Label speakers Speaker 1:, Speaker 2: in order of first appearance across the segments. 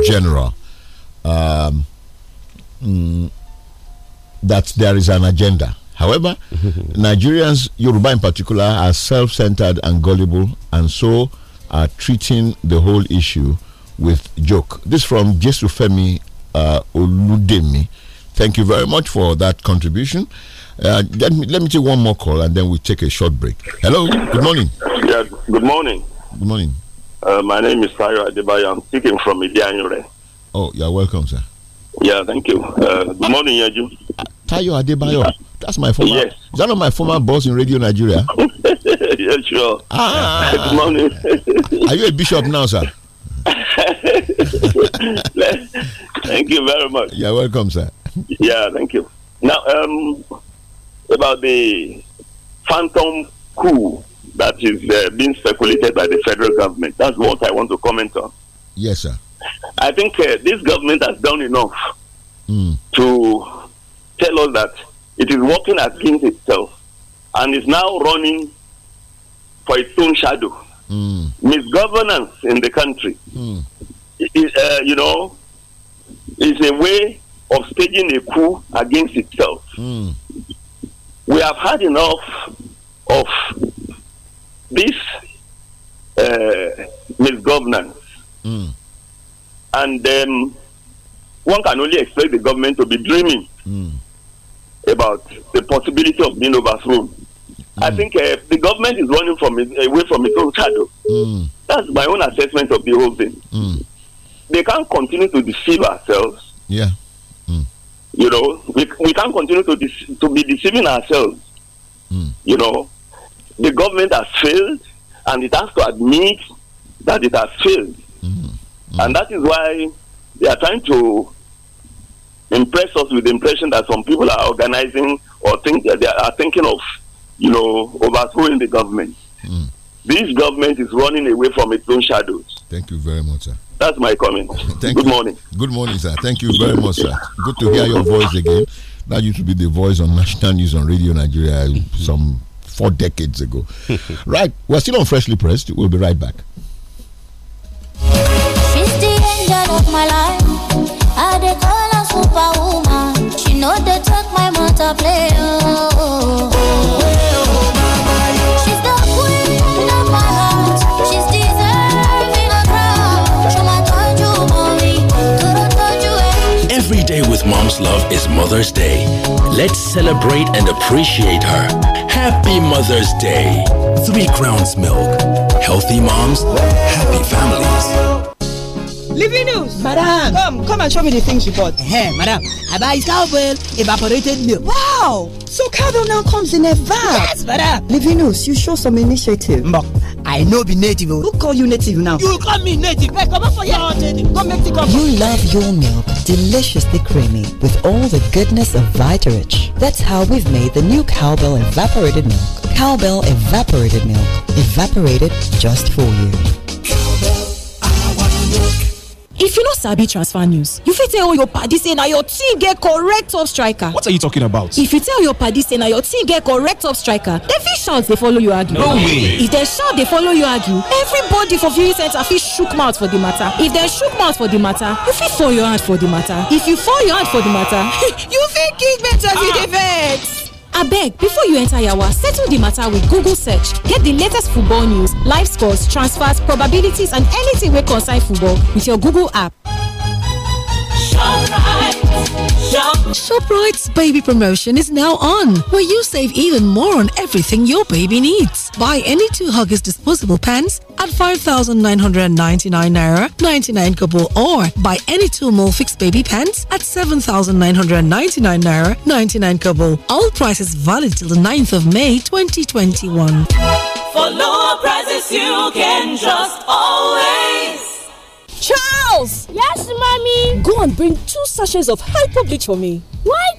Speaker 1: general um, mm, that there is an agenda. However, Nigerians, Yoruba in particular, are self centered and gullible and so are treating the whole issue with joke. This from Jesu Femi uh, Oludemi. Thank you very much for that contribution. Uh, let, me, let me take one more call and then we we'll take a short break. Hello, good morning.
Speaker 2: Yeah, good morning. Good morning. Uh, my name is Sayo Adebayo. I'm speaking from Idianyure.
Speaker 1: Oh, you're welcome, sir.
Speaker 2: Yeah, thank you. Uh, good morning, Yaju.
Speaker 1: Tayo Adebayo. Yeah. That's my former. Yes. Is that not my former boss in Radio Nigeria?
Speaker 2: yeah, sure. Ah. Good morning.
Speaker 1: Are you a bishop now, sir?
Speaker 2: thank you very much. You're welcome, sir. yeah, thank you. Now, um, about the phantom coup that is uh, being speculated by the federal government. That's what I want to comment on. Yes, sir. I think uh, this government has done enough mm. to tell us that it is working against itself and is now running for its own shadow. Mm. Misgovernance in the country, mm. is, uh, you know, is a way of staging a coup against itself. Hmm. We have had enough of this uh, misgovernance. Mm. And um, one can only expect the government to be dreaming mm. about the possibility of being overthrown. Mm. I hmm. think uh, the government is running from it, away from its own shadow. Hmm. That's my own assessment of the whole thing. Hmm. They can't continue to deceive ourselves. Yeah. You know, we, we can't continue to, to be deceiving ourselves. You know, the government has failed and it has to admit that it has failed. Mm -hmm. And that is why they are trying to impress us with the impression that some people are organizing or think that they are thinking of, you know, overthrowing the government. Mm. This government is running away from its own shadows.
Speaker 1: Thank you very much, sir.
Speaker 2: That's my comment. Thank Good you. morning.
Speaker 1: Good morning, sir. Thank you very much, sir. Good to hear your voice again. That used to be the voice on National News on Radio Nigeria some four decades ago. right, we're still on Freshly Pressed. We'll be right back.
Speaker 3: the of my life, I they call
Speaker 4: her superwoman. She know they talk my mother play. Oh.
Speaker 5: mom's love is Mother's Day. Let's celebrate and appreciate her. Happy Mother's Day. Three Crowns Milk. Healthy moms, happy families.
Speaker 6: Livinus! Madam! Come, come and show me the things you bought.
Speaker 7: Hey, madam, I buy cowbell, evaporated milk. Wow! So cowbell now comes in a van. Yes, madam! Livinus, you show some initiative. Mok, I know be native. Oh. Who call you native
Speaker 8: now? You call me native. Hey, come on for your native. Come make the cup. You love your milk deliciously creamy with all the goodness of Vitarich. That's how we've made the new Cowbell Evaporated
Speaker 6: Milk. Cowbell Evaporated Milk. Evaporated just for you if you no sabi transfer news you fit tell all your padi say na your team get correct top striker what are you talking about if you tell your padi say na your team get correct top striker dem fit shout dey follow you argue no way if dem shout dey follow you argue everybody for viewing centre fit shook mouth for di matter if dem shook mouth for di matter you fit fall your hand for di matter if you fall your hand for di matter you fit kick better as the dey ah abeg before you enter yawa settle the matter with google search get the latest football news live scores transfers probabilities and anything wey concern football with your google app. ShopRite's baby promotion is now on, where you save even more on everything your baby needs. Buy any two Huggies disposable pants at
Speaker 8: 5,999 naira 99 kobo, or buy any two Molfix baby pants at 7,999 naira 99 kobo. All prices valid till the 9th of
Speaker 6: May 2021.
Speaker 9: For lower
Speaker 4: prices you can trust always.
Speaker 6: Charles! Yes, mommy? Go and bring two sachets of hyper bleach for me. What?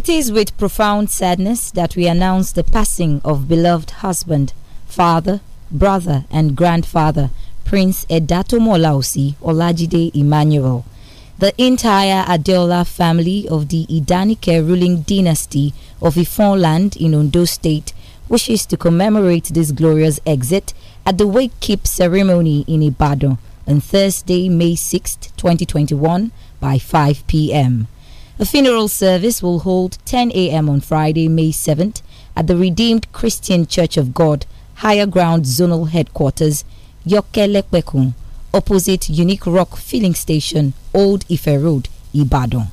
Speaker 10: It is with profound sadness that we announce the passing of beloved husband, father, brother, and grandfather, Prince Edatomo Lausi Olajide Emmanuel. The entire Adeola family of the Idanike ruling dynasty of Ifonland in Ondo State wishes to commemorate this glorious exit at the Wake Keep ceremony in Ibadan on Thursday, May 6, 2021 by 5 p.m. A funeral service will hold 10 a.m. on Friday, May 7th, at the Redeemed Christian Church of God Higher Ground Zonal Headquarters, Yokelekpekun, opposite Unique Rock Filling Station, Old Ife Road, Ibadan.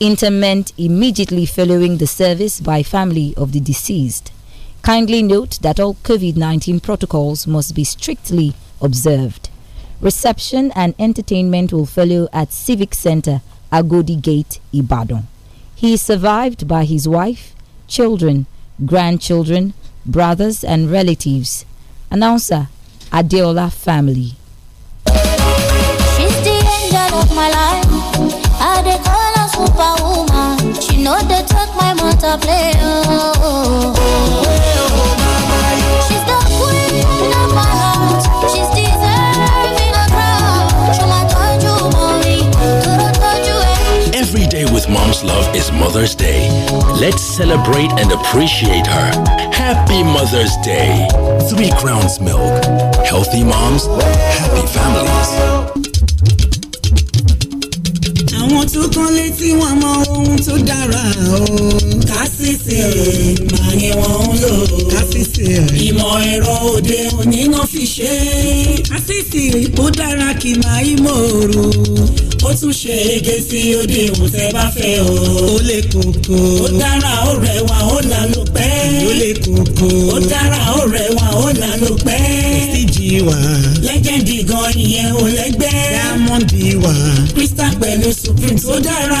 Speaker 10: Interment immediately following the service by family of the deceased. Kindly note that all COVID 19 protocols must be strictly observed. Reception and entertainment will follow at Civic Center Agodi Gate, Ibadan. He is survived by his wife, children, grandchildren, brothers, and relatives. Announcer Adeola family.
Speaker 4: She's the angel of my life. I dey call her superwoman. She know they talk my mother play. Oh. She's the queen of my heart. She's
Speaker 5: mom's love is Mother's Day. Let's celebrate and appreciate her. Happy Mother's Day. Three Crowns Milk. Healthy moms, happy families.
Speaker 7: àwọn tó kán létí wọn mọ ohun tó dára o. kásìsì máa ni wọ́n ń lò. kásìsì ìmọ̀ ẹ̀rọ òde òní náà fi ṣe é. kásìsì ó dára kì máa í mòrò. ó tún ṣe ege sí odi èwò tẹ́ bá fẹ́ o. ó lè kókó. ó dára ó rẹwà ó là ló pẹ́. ó lè kókó. ó dára ó rẹwà ó là ló pẹ́. kòsí jì wá. lẹ́gẹ̀dì gan ìyẹn ò lẹ́gbẹ́. diamond wá. crystal pẹ̀lú supreme tó dára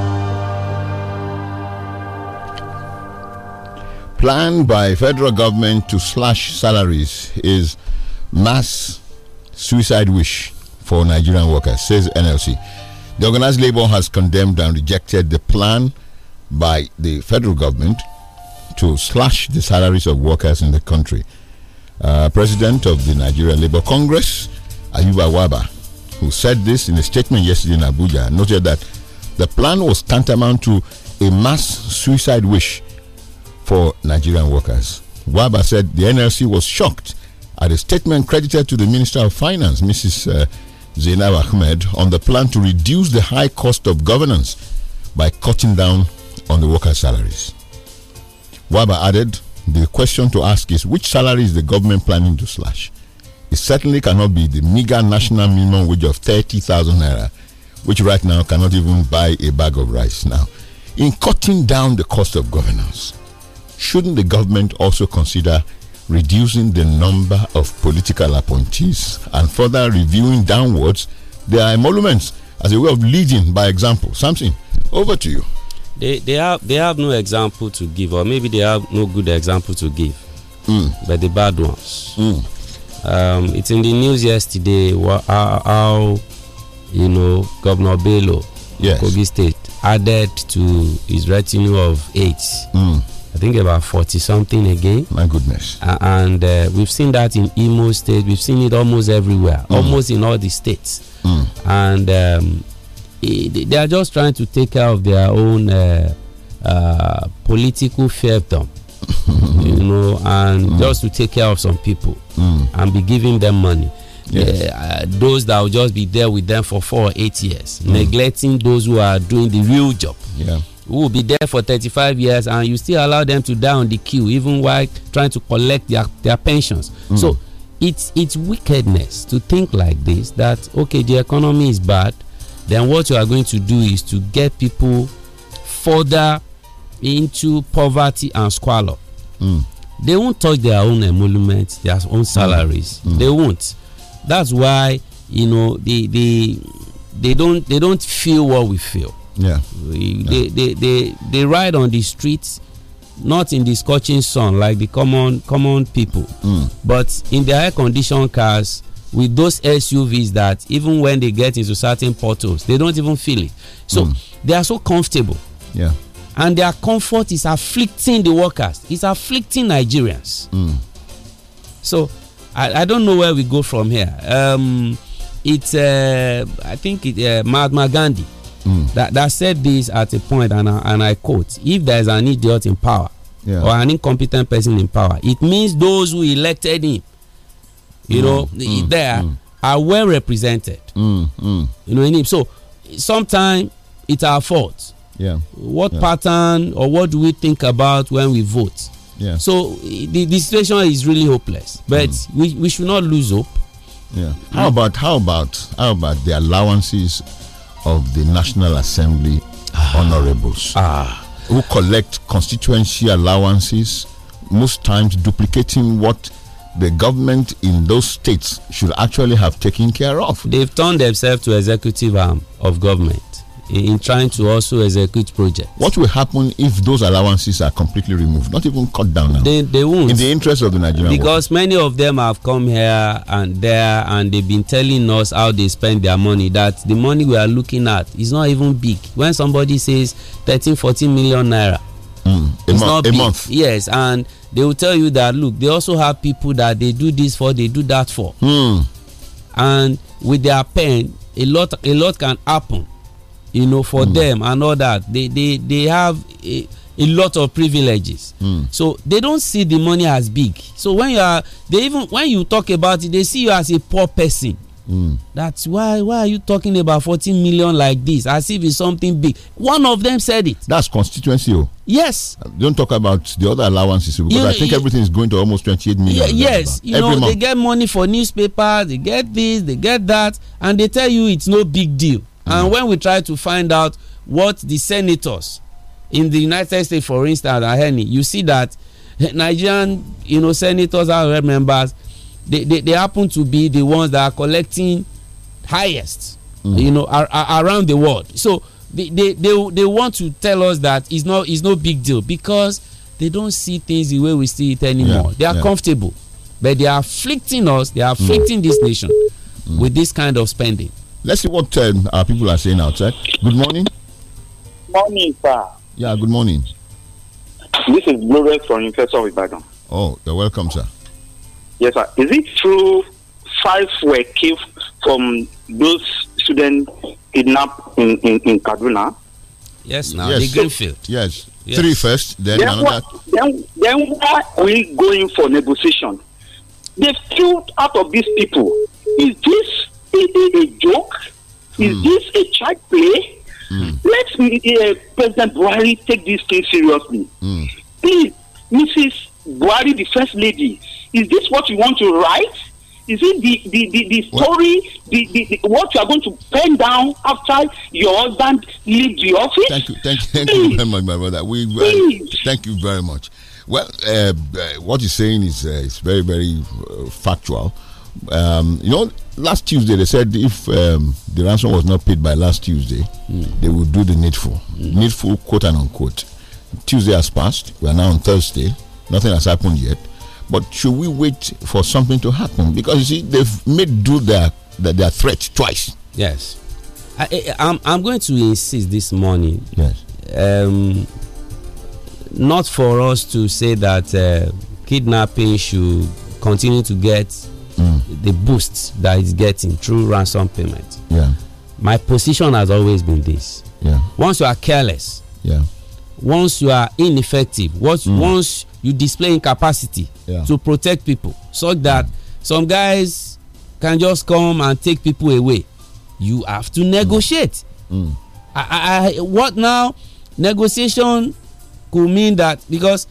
Speaker 1: plan by federal government to slash salaries is mass suicide wish for Nigerian workers, says NLC. The organized labor has condemned and rejected the plan by the federal government to slash the salaries of workers in the country. Uh, President of the Nigeria Labour Congress, Ayuba Waba, who said this in a statement yesterday in Abuja, noted that the plan was tantamount to a mass suicide wish for Nigerian workers. Waba said the NLC was shocked at a statement credited to the Minister of Finance, Mrs. Uh, Zainab Ahmed, on the plan to reduce the high cost of governance by cutting down on the workers' salaries. Waba added, The question to ask is which salary is the government planning to slash? It certainly cannot be the meager national minimum wage of 30,000 naira, which right now cannot even buy a bag of rice. Now, in cutting down the cost of governance, shouldn't the government also consider reducing the number of political appointees and further reviewing downwards their emoluments as a way of leading by example? Something
Speaker 11: over to you. They, they, have, they have no example to give, or maybe they have no good example to give, mm. but the bad ones. Mm. Um, it's in the news yesterday how, you know governor bello yes. kogi state added to his retinue of aides. mm think about 40 something again. My goodness. Uh, and uh, we've seen that in Imo State. We've seen it almost everywhere, mm. almost in all the states. Mm. And um, it, they are just trying to take care of their own uh, uh political fiefdom, you know, and mm. just to take care of some people mm. and be giving them money. Yes. Uh, uh, those that will just be there with them for four or eight years, mm. neglecting those who are doing the real job. Yeah who will be there for 35 years and you still allow them to die on the queue even while trying to collect their, their pensions. Mm. So it's, it's wickedness to think like this that, okay, the economy is bad, then what you are going to do is to get people further into poverty and squalor. Mm. They won't touch their own emoluments, their own salaries. Mm. They won't. That's why you know they they they don't they don't feel what we feel. Yeah. they, yeah. They, they, they ride on the streets, not in the scorching sun like the common common people, mm. but in the air conditioned cars with those SUVs that even when they get into certain portals, they don't even feel it. So mm. they are so comfortable. Yeah. And their comfort is afflicting the workers. It's afflicting Nigerians. Mm. So I, I don't know where we go from here. Um, it's uh, I think it, uh, Mahatma Gandhi mm. that, that said this at a point, and I, and I quote If there is an idiot in power yeah. or an incompetent person in power, it means those who elected him,
Speaker 1: you mm. know, mm.
Speaker 11: mm. there are well represented.
Speaker 1: Mm. Mm.
Speaker 11: You know, him. So sometimes it's our fault.
Speaker 1: Yeah. What yeah.
Speaker 11: pattern or what do we think about when we vote? Yeah. So the, the situation is really hopeless, but we, we should not lose hope. Yeah. How about how about how about
Speaker 1: the allowances of the National Assembly ah. honorables ah. who collect constituency allowances, most times duplicating
Speaker 11: what the government in those states should actually have taken care of. They've turned themselves to executive arm of government in trying to also execute projects. What will
Speaker 1: happen if those allowances are completely removed, not even cut down now? They, they won't. In the interest of the Nigerian
Speaker 11: Because world. many of them have come here and there and they've been telling us how they spend their money, that the money we are looking at is not even big. When somebody says 13, 14 million naira, Mm, a, it's not a month. Yes, and they will tell you that look, they also have people that they do this for, they do that for, mm. and with their pen, a lot, a lot can happen you know for mm. them and all that they they they have a, a lot of privileges mm. so they don't see the money as big so when you are they even when you talk about it they see you as a poor person mm. that's why why are you talking about 14 million like this as if it's something big one of them said it that's constituency oh yes don't talk about the other allowances oh, because you, i think you,
Speaker 1: everything is going to almost 28 million yes you know month. they
Speaker 11: get money for newspapers they get this they get that and they tell you it's no big deal and when we try to find out what the senators in the United States, for instance, are earning, you see that Nigerian, you know, senators are members, they, they, they happen to be the ones that are collecting highest, mm. you know, are, are around the world. So they, they, they, they want to tell us that it's no, it's no big deal because they don't see things the way we see it anymore. Yeah, they are yeah. comfortable, but they are afflicting us, they are afflicting mm. this nation mm. with this kind of spending. Let's see what uh, our people are saying outside. Good morning.
Speaker 2: Morning, sir. Yeah, good morning. This is Glorious from University of Bagan.
Speaker 1: Oh, you're welcome, sir.
Speaker 2: Yes, sir. Is it true five were killed from those students kidnapped in, in, in Kaduna?
Speaker 11: Yes, now yes. the Greenfield.
Speaker 1: Yes. yes. Three first, then, then another. Then, then why are we going for negotiation?
Speaker 12: They've killed out of these people. Is this is hmm. it a joke? Is mm. this a child play? Mm. Let uh, President Buhari take this thing seriously. Mm. Please, Mrs. Buhari, the First Lady, is this what you want to write? Is it the, the, the, the story, the, the, the, what you are
Speaker 1: going to pen down after your husband leaves the office? Thank you, thank you, thank you very much, my brother. We, uh, thank you very much. Well, uh, uh what you're saying is, uh, is very, very uh, factual um, you know, last Tuesday they said if um, the ransom was not paid by last Tuesday, mm. they would do the needful. Mm. Needful, quote and unquote. Tuesday has passed. We are now on Thursday. Nothing has happened yet. But should we wait for something to happen? Because you see, they've made do their their, their threat twice.
Speaker 11: Yes, I, am I'm, I'm going to insist this morning. Yes. Um, not for us to say that uh, kidnapping should continue to get mm. the boost that getting through ransom payment. Yeah. My position has always been this. Yeah. Once you are careless. Yeah. Once you are ineffective. Once mm. once you display incapacity yeah. to protect people, so that mm. some guys can just come and take people away. You have to negotiate. Mm. Mm. I, I what now? Negotiation could mean that because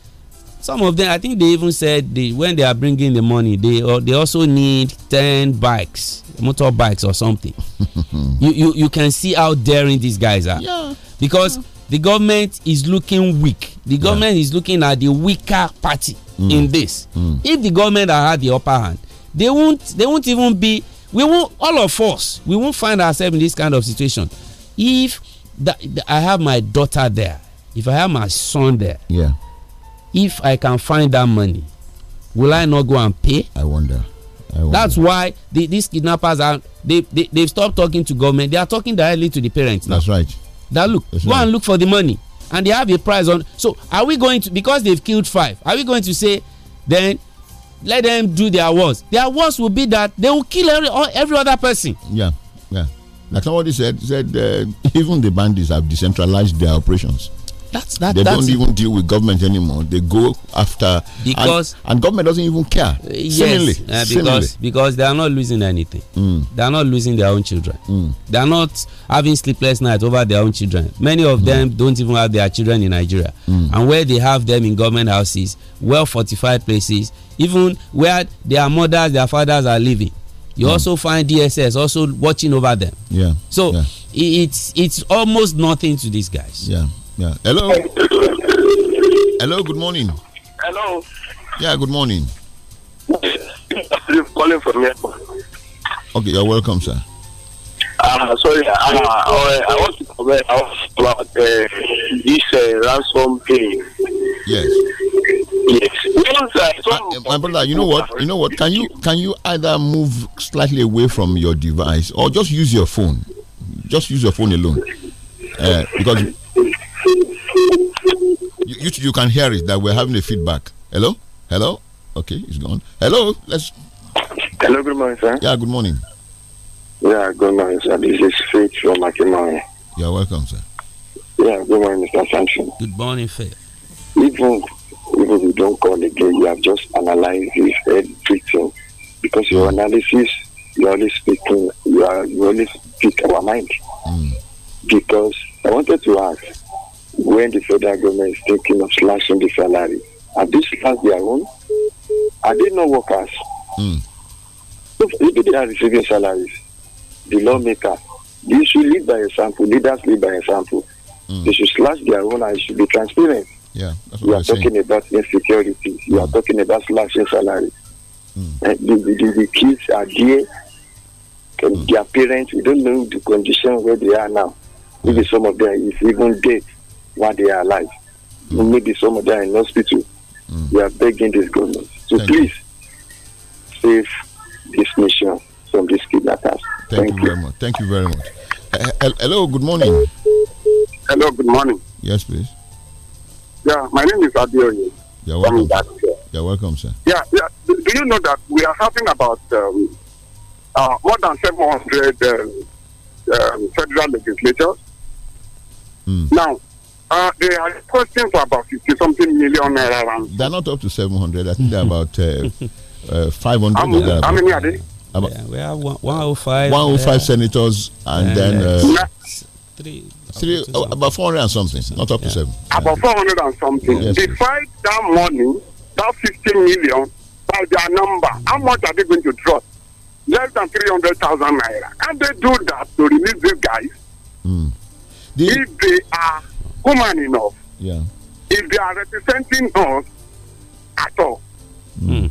Speaker 11: some of them i think they even said they, when they are bringing the money they uh, they also need 10 bikes motor bikes or something you, you you can see how daring these guys are yeah. because yeah. the government is looking weak the government yeah. is looking at the weaker party mm. in this mm. if the government had the upper hand they won't they won't even be we won't all of us we won't find ourselves in this kind of situation if that, i have my daughter there if i have my son there yeah if i can find that money will i not go and pay i wonder, that's why the, these kidnappers are they, they they've stopped talking to government they are talking directly to the parents that's now. right that look that's go right. and look for the money and they have a price on so are we going to because they've killed five are we going to say then let them do their worst their worst will be that they will kill every every other person
Speaker 1: yeah yeah like somebody said said uh, even the bandits have decentralized their operations
Speaker 3: that's
Speaker 11: that. They that's don't even
Speaker 1: deal with government anymore. They go after because and, and government doesn't even care. Uh,
Speaker 11: yes, uh, seemingly, uh, because seemingly. because they are not losing anything. Mm. They are not losing their own children. Mm. They are not having sleepless nights over their own children. Many of mm. them don't even have their children in Nigeria, mm. and where they have them in government houses, well fortified places, even where their mothers, their fathers are living. You mm. also find DSS also watching over them. Yeah. So yeah. it's it's almost nothing to these guys. Yeah yeah. Hello.
Speaker 1: Hello. Good morning. Hello. Yeah. Good morning.
Speaker 2: I'm calling from here.
Speaker 1: Okay. You're welcome, sir.
Speaker 2: Uh, sorry, uh, I, I want to comment about uh, this uh, ransom pay. Yes. Yes.
Speaker 1: Uh, my brother, you know what? You know what? Can you can you either move slightly away from your device or just use your phone? Just use your phone alone, uh, because you, you, you can hear it that we're having a feedback. Hello, hello. Okay, it's gone. Hello, let's. Hello, good morning, sir. Yeah, good morning.
Speaker 2: Yeah, good morning, sir. This is Faith from Akimai.
Speaker 11: You're welcome, sir.
Speaker 2: Yeah, good morning, Mr. Sampson.
Speaker 11: Good morning, Faith.
Speaker 2: Even even you don't call again, you have just analyzed his everything because your mm. analysis, you only speaking, you are you only speak our mind. Mm. Because I wanted to ask, when the federal government is thinking of slashing the salary. Are they slash their own? Are they not workers? Mm. If they are receiving salaries, the lawmaker, they should lead by example, leaders lead by example. Mm. They should slash their own and it should be transparent. Yeah, we are talking saying. about insecurity, We mm. are hmm. talking about slashing salaries. Mm. Eh, the, the, the, kids are there, hmm. their parents, we don't know the condition where they are now. Maybe hmm. some of them is even dead while they are alive. Mm. Maybe some of them are in hospital. Mm. We are begging this government so please you. save this nation from this kidnappers.
Speaker 1: Thank, Thank you, you very much. Thank you very much. Uh, hello, good morning. Hello, good morning. Yes, please.
Speaker 2: Yeah, my name is Adeoye. You're welcome. You're welcome, sir. Yeah, yeah. Do you know that we are having about um, uh, more than 700 uh, um, um, federal legislatures? Mm. Now, they uh, are requesting for about 50 something million naira.
Speaker 1: They're not up to 700. I think they're about uh, uh, 500. How many, how many are they? About yeah, we have
Speaker 11: 105. 105
Speaker 1: senators and, and then. Uh, uh three. about 400 and something. Seven. Not up yeah. to seven.
Speaker 2: About 400 and something. Yes, they fight that money, that 15 million, by their number. How much are they going to draw? Less than 300,000 naira. And they do that to release these guys. Mm. The, if they are human enough. Yeah. If they are representing us at all.
Speaker 1: Mm.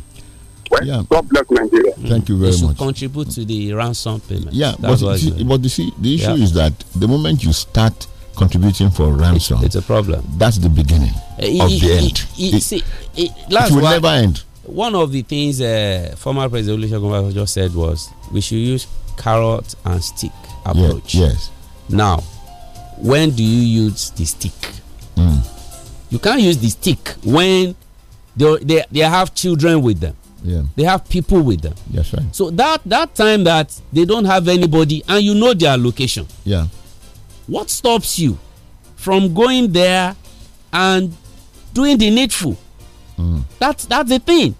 Speaker 1: Well, yeah. God bless Nigeria. Thank you very much.
Speaker 11: Contribute to the ransom payment. Yeah, That's but, see,
Speaker 1: but see, the issue yeah. is that the moment you start contributing for ransom. It's a problem. That's the
Speaker 11: beginning eh, it, of it, the end. It, it, see, it, it will one, never end. One of the things uh, former President Olusegun just said was we should use carrot and stick approach. Yes. yes. Now, when do you use the stick? Mm. You can't use the stick when they, they, they have children with them. Yeah. They have people with them. That's right. So that that time that they don't have anybody and you know their location. Yeah. What stops you from going there and doing the needful? Mm. That's that's the thing.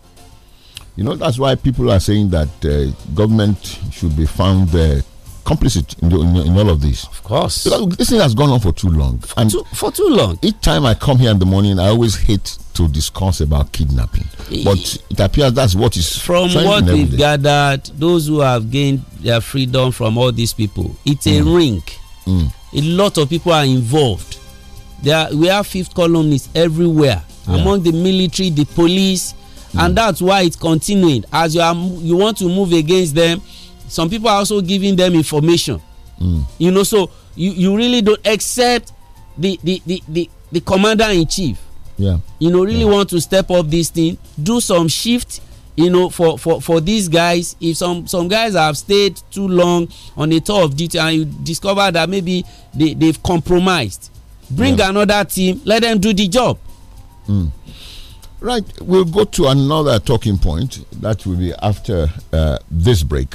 Speaker 11: You
Speaker 1: know that's why people are saying that uh, government should be found there. Uh, complicit in, the, in, in, all of this. Of course. Because this thing has gone on for too long. For and too, for too long. Each time I come here in the morning, I always hate to discuss about kidnapping. But it appears that's what is
Speaker 11: from what we've gathered. Those who have gained their freedom from all these people, it's a mm. ring. Mm. A lot of people are involved. There, are, we have fifth columnists everywhere yeah. among the military, the police, mm. and that's why it's continuing. As you are, you want to move against them some people are also giving them information mm. you know so you, you really don't accept the the the the, the commander in chief yeah you know really yeah. want to step up this thing do some shift you know for for for these guys if some some guys have stayed too long on a tour of duty and you discover that maybe they they've compromised bring yeah. another team let them do the job mm.
Speaker 1: right we'll go to another talking point that will be after uh, this break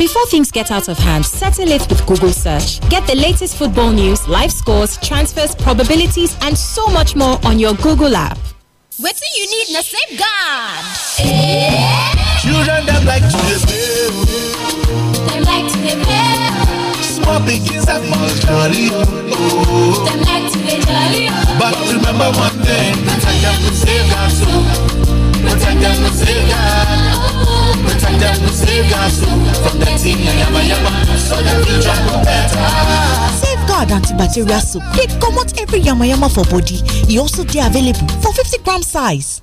Speaker 6: Before things get out of hand, settle it with Google search. Get the latest football news, live scores, transfers, probabilities, and so much more on your Google app. What do you need A safeguard?
Speaker 7: Children that like to play. they like
Speaker 13: to play. Small pickings are more
Speaker 3: jolly. Oh.
Speaker 13: they like to the jolly. Oh.
Speaker 3: But remember one thing, I
Speaker 13: can put safeguard too. Natanga muzika Natanga muzika So from the thing yama yama So the future go better
Speaker 8: Safeguard antibacterial soap. They come out
Speaker 6: every yama yama for body. It also they available for 50 gram size.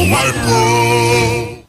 Speaker 5: Michael.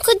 Speaker 4: could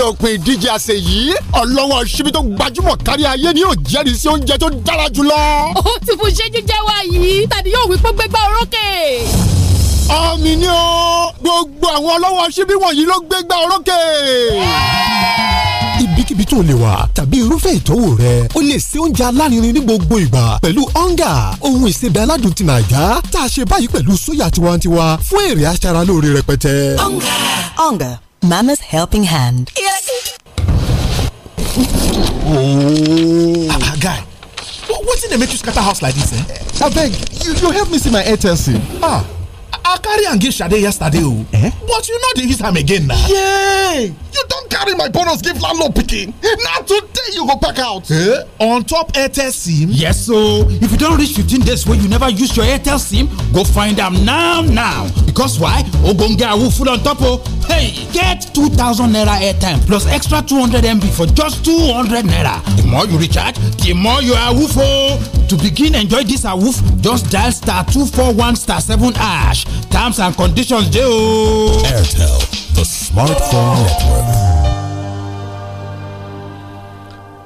Speaker 8: dé òpin
Speaker 1: ìdíje àṣẹ yìí ọlọ́wọ́ ṣíbí tó gbajúmọ̀ kárí ayé ni yóò jẹ́rìí sí oúnjẹ tó dára jùlọ. ó
Speaker 8: ti fún ṣẹ́jú jẹ́ wá yìí tàbí yóò wí pé gbégbá orókè àmì ni ó gbogbo àwọn ọlọ́wọ́ ṣíbí wọ̀nyí ló gbégbá orókè. ibikíbi tó lè wà tàbí irúfẹ́ ìtọ́wò rẹ o lè ṣe oúnjẹ alárinrin ní gbogbo ìgbà pẹ̀lú ọ̀ngà ohun ìsebẹ̀ aládùn ti nàìjà tá a ṣe báyìí pẹ̀lú sóyà tiwantiwa fún èrè aṣaralóore rẹpẹtẹ. ọ̀ngà ọ̀ngà Mama's Helping Hand.
Speaker 9: Oh.
Speaker 14: Ah, ah guy, wetin dey make you scatter house like this? eh? beg you you help me see my airtel sim. Ah i carry and give shade yesterday o oh. eh? but you know dey use am again now. yay you don't carry my bonus give landlord picking. Now today you go pack out eh on top airtel sim yes
Speaker 7: so if you don't reach 15 days where you never use your airtel sim go find them now now because why get a full on top o oh. hey get 2000 naira airtime plus extra 200mb for just 200 naira the more you recharge the more you are o to begin enjoy this awoof just dial star 241 star 7 ash terms
Speaker 1: and conditions dé o. airtel the smartphone network.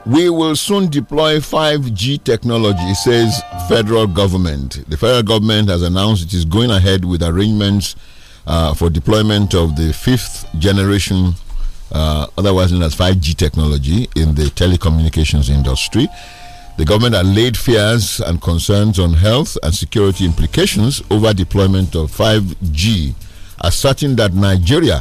Speaker 1: We will soon deploy 5G technology, says federal government. The federal government has announced it is going ahead with arrangements uh, for deployment of the fifth generation uh, otherwise known as 5G technology in the telecommunications industry. The government had laid fears and concerns on health and security implications over deployment of 5G, asserting that Nigeria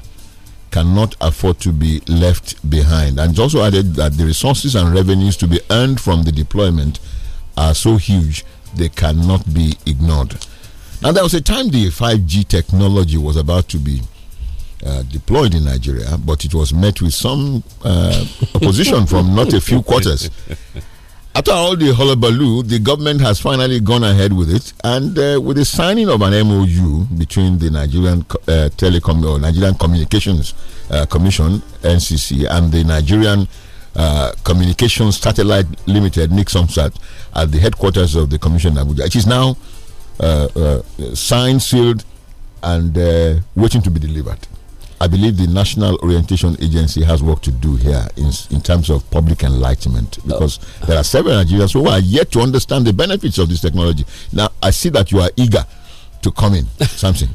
Speaker 1: cannot afford to be left behind. And it's also added that the resources and revenues to be earned from the deployment are so huge they cannot be ignored. Now, there was a time the 5G technology was about to be uh, deployed in Nigeria, but it was met with some uh, opposition from not a few quarters. After all the hullabaloo, the government has finally gone ahead with it, and uh, with the signing of an MOU between the Nigerian uh, Telecom or Nigerian Communications uh, Commission (NCC) and the Nigerian uh, Communications Satellite Limited (Nixomsat) at the headquarters of the Commission in Abuja, it is now uh, uh, signed, sealed, and waiting to be delivered. I believe the National Orientation Agency has work to do here in, in terms of public enlightenment because oh. there are several Nigerians who are yet to understand the benefits of this technology. Now, I see that you are eager to come in, Something.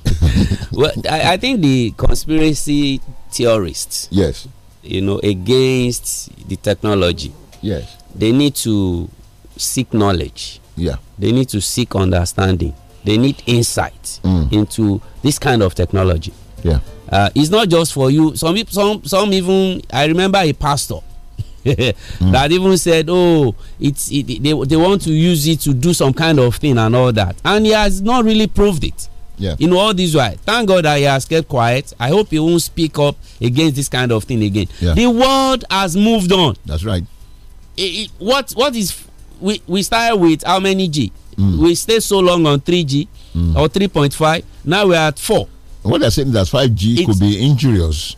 Speaker 11: well, I, I, think the conspiracy theorists, yes, you know, against the technology, yes, they need to seek knowledge, yeah, they need to seek understanding, they need insight mm. into this kind of technology, yeah uh, it's not just for you some some some even i remember a pastor mm. that even said oh it's it, they, they want to use it to do some kind of thing and all that and he has not really proved it yeah. In all this way, thank god that he has kept quiet i hope he won't speak up against this kind of thing again yeah. the world has moved on that's right it, it, what what is we we started with how many g mm. we stayed so long on 3g mm. or 3.5 now we're at 4 what they're saying is that 5G it's, could be injurious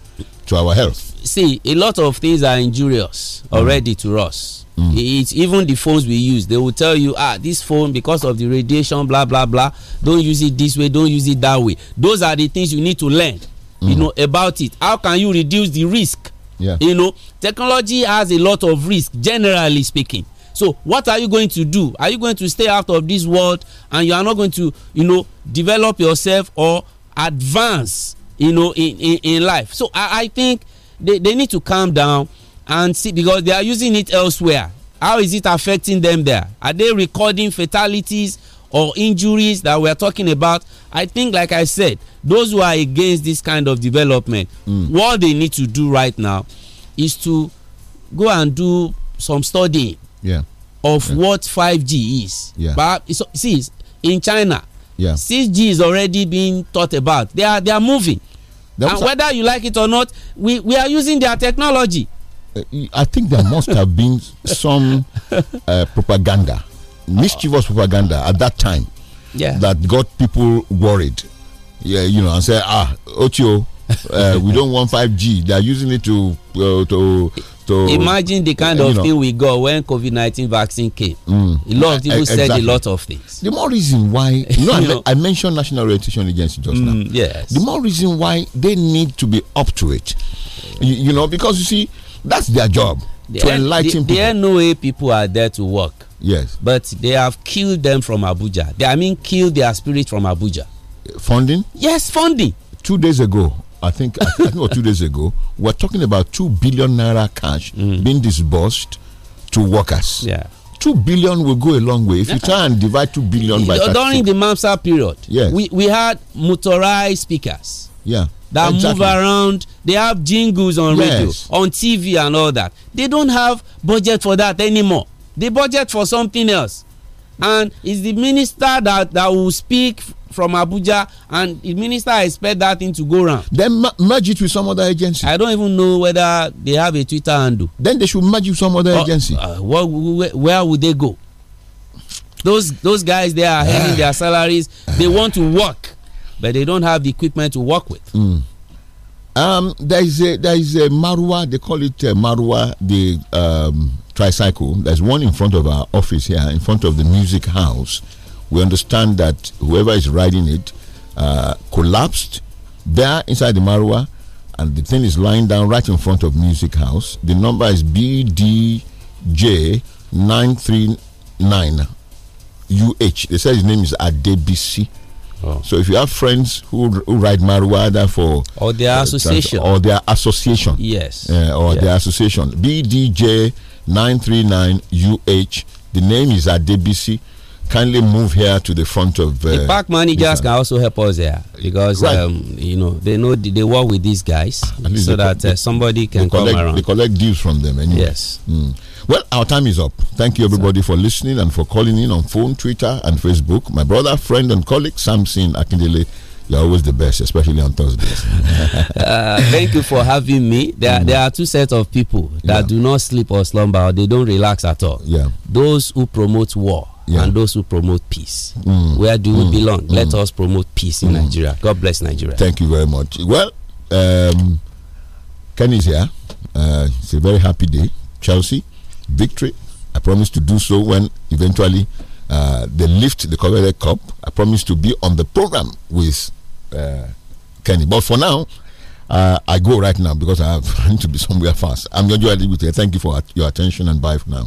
Speaker 11: to our health. See, a lot of things are injurious already mm. to us. Mm. It's even the phones we use. They will tell you, ah, this phone because of the radiation, blah blah blah. Don't use it this way. Don't use it that way. Those are the things you need to learn. Mm. You know about it. How can you reduce the risk? Yeah. You know, technology has a lot of risk, generally speaking. So, what are you going to do? Are you going to stay out of this world and you are not going to, you know, develop yourself or advance you know in in, in life so I, I think they, they need to calm down and see because they are using it elsewhere how is it affecting them there are they recording fatalities or injuries that we are talking about i think like i said those who are against this kind of development mm. what they need to do right now is to go and do some study yeah. of yeah. what 5g is yeah. but see in china yeah. CG is already being thought about. They are they are moving. And whether you like it or not, we, we are using their technology.
Speaker 1: Uh, I think there must have been some uh, propaganda, mischievous propaganda at that time yeah. that got people worried. Yeah, you know, and say, ah, Ocho, uh, we don't want 5G. They are using it to uh, to to. Imagine the kind of know. thing
Speaker 11: we got when COVID nineteen vaccine came.
Speaker 1: Mm. A lot of people exactly. said a lot of things. The more reason why you know, you I, know. I, mentioned National Orientation Agency just mm, now.
Speaker 11: Yes. The more reason why they need to be up to it. You, you know because you see that's their job the to enlighten the, people. The NOA people are there to work. Yes. But they have killed them from Abuja. They, I mean, killed their spirit from Abuja. Funding? Yes, funding. Two days ago, I think, I think or two days ago, we are talking about two billion naira
Speaker 1: cash mm. being disbursed to workers. Yeah. Two billion will go a long way if you try and divide two billion by. During
Speaker 11: the MAMSA period, yes. we, we had motorized speakers. Yeah. That exactly. move around. They have jingles on yes. radio, on TV, and all that. They don't have budget for that anymore. They budget for something else. And it's the minister that, that will speak from Abuja, and the minister expect that thing to go round. Then merge it with some other agency. I don't even know whether they have a Twitter handle. Then they should merge with some other uh, agency. Uh, where, where would they go? Those those guys they are earning their salaries. They ah. want to work, but they don't have the equipment to work with. Mm. Um, there is a there is a Marwa. They call it uh,
Speaker 1: Marwa. The um, tricycle. There's one in front of our office here, in front of the music house we understand that whoever is riding it uh, collapsed there inside the Marwa, and the thing is lying down right in front of Music House. The number is BDJ nine three nine UH. They said his name is Adebisi. Oh. So if you have friends who, who ride marijuana for or their uh, association uh, or their association, yes, uh, or yeah. their association, BDJ nine three nine UH. The name is Adebisi kindly move here to the front of uh, the park managers
Speaker 11: can also help us there because right. um, you know they know the, they work with these guys so that uh, somebody can collect, come around they collect
Speaker 1: dues from them anyway. yes mm. well our time is up thank you everybody for listening and for calling in on phone twitter and facebook my brother friend and colleague samson akindele you're always the best, especially on Thursdays.
Speaker 11: uh, thank you for having me. There, mm. there are two sets of people that yeah. do not sleep or slumber, or they don't relax at all. Yeah. Those who promote war yeah. and those who promote peace. Mm. Where do we mm. belong? Mm. Let us promote peace in mm. Nigeria. God bless
Speaker 1: Nigeria. Thank you very much. Well, um, Ken is here. Uh, it's a very happy day. Chelsea, victory. I promise to do so when eventually uh, they lift the coveted Cup. I promise to be on the program with uh, Kenny. But for now, uh, I go right now because I have need to be somewhere fast. I'm going to with you. Thank you for your attention and bye for now.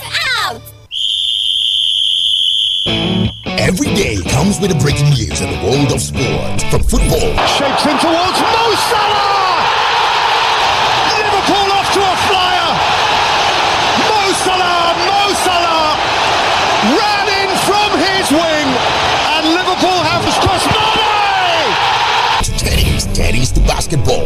Speaker 8: Every
Speaker 5: day comes with a breaking news in the world of sports. From football, shapes
Speaker 15: in towards Mo Salah. Liverpool off to a flyer. Mo Salah, Mo Salah ran in from his wing, and Liverpool have just
Speaker 5: Mane. Teddy's, Teddy's the basketball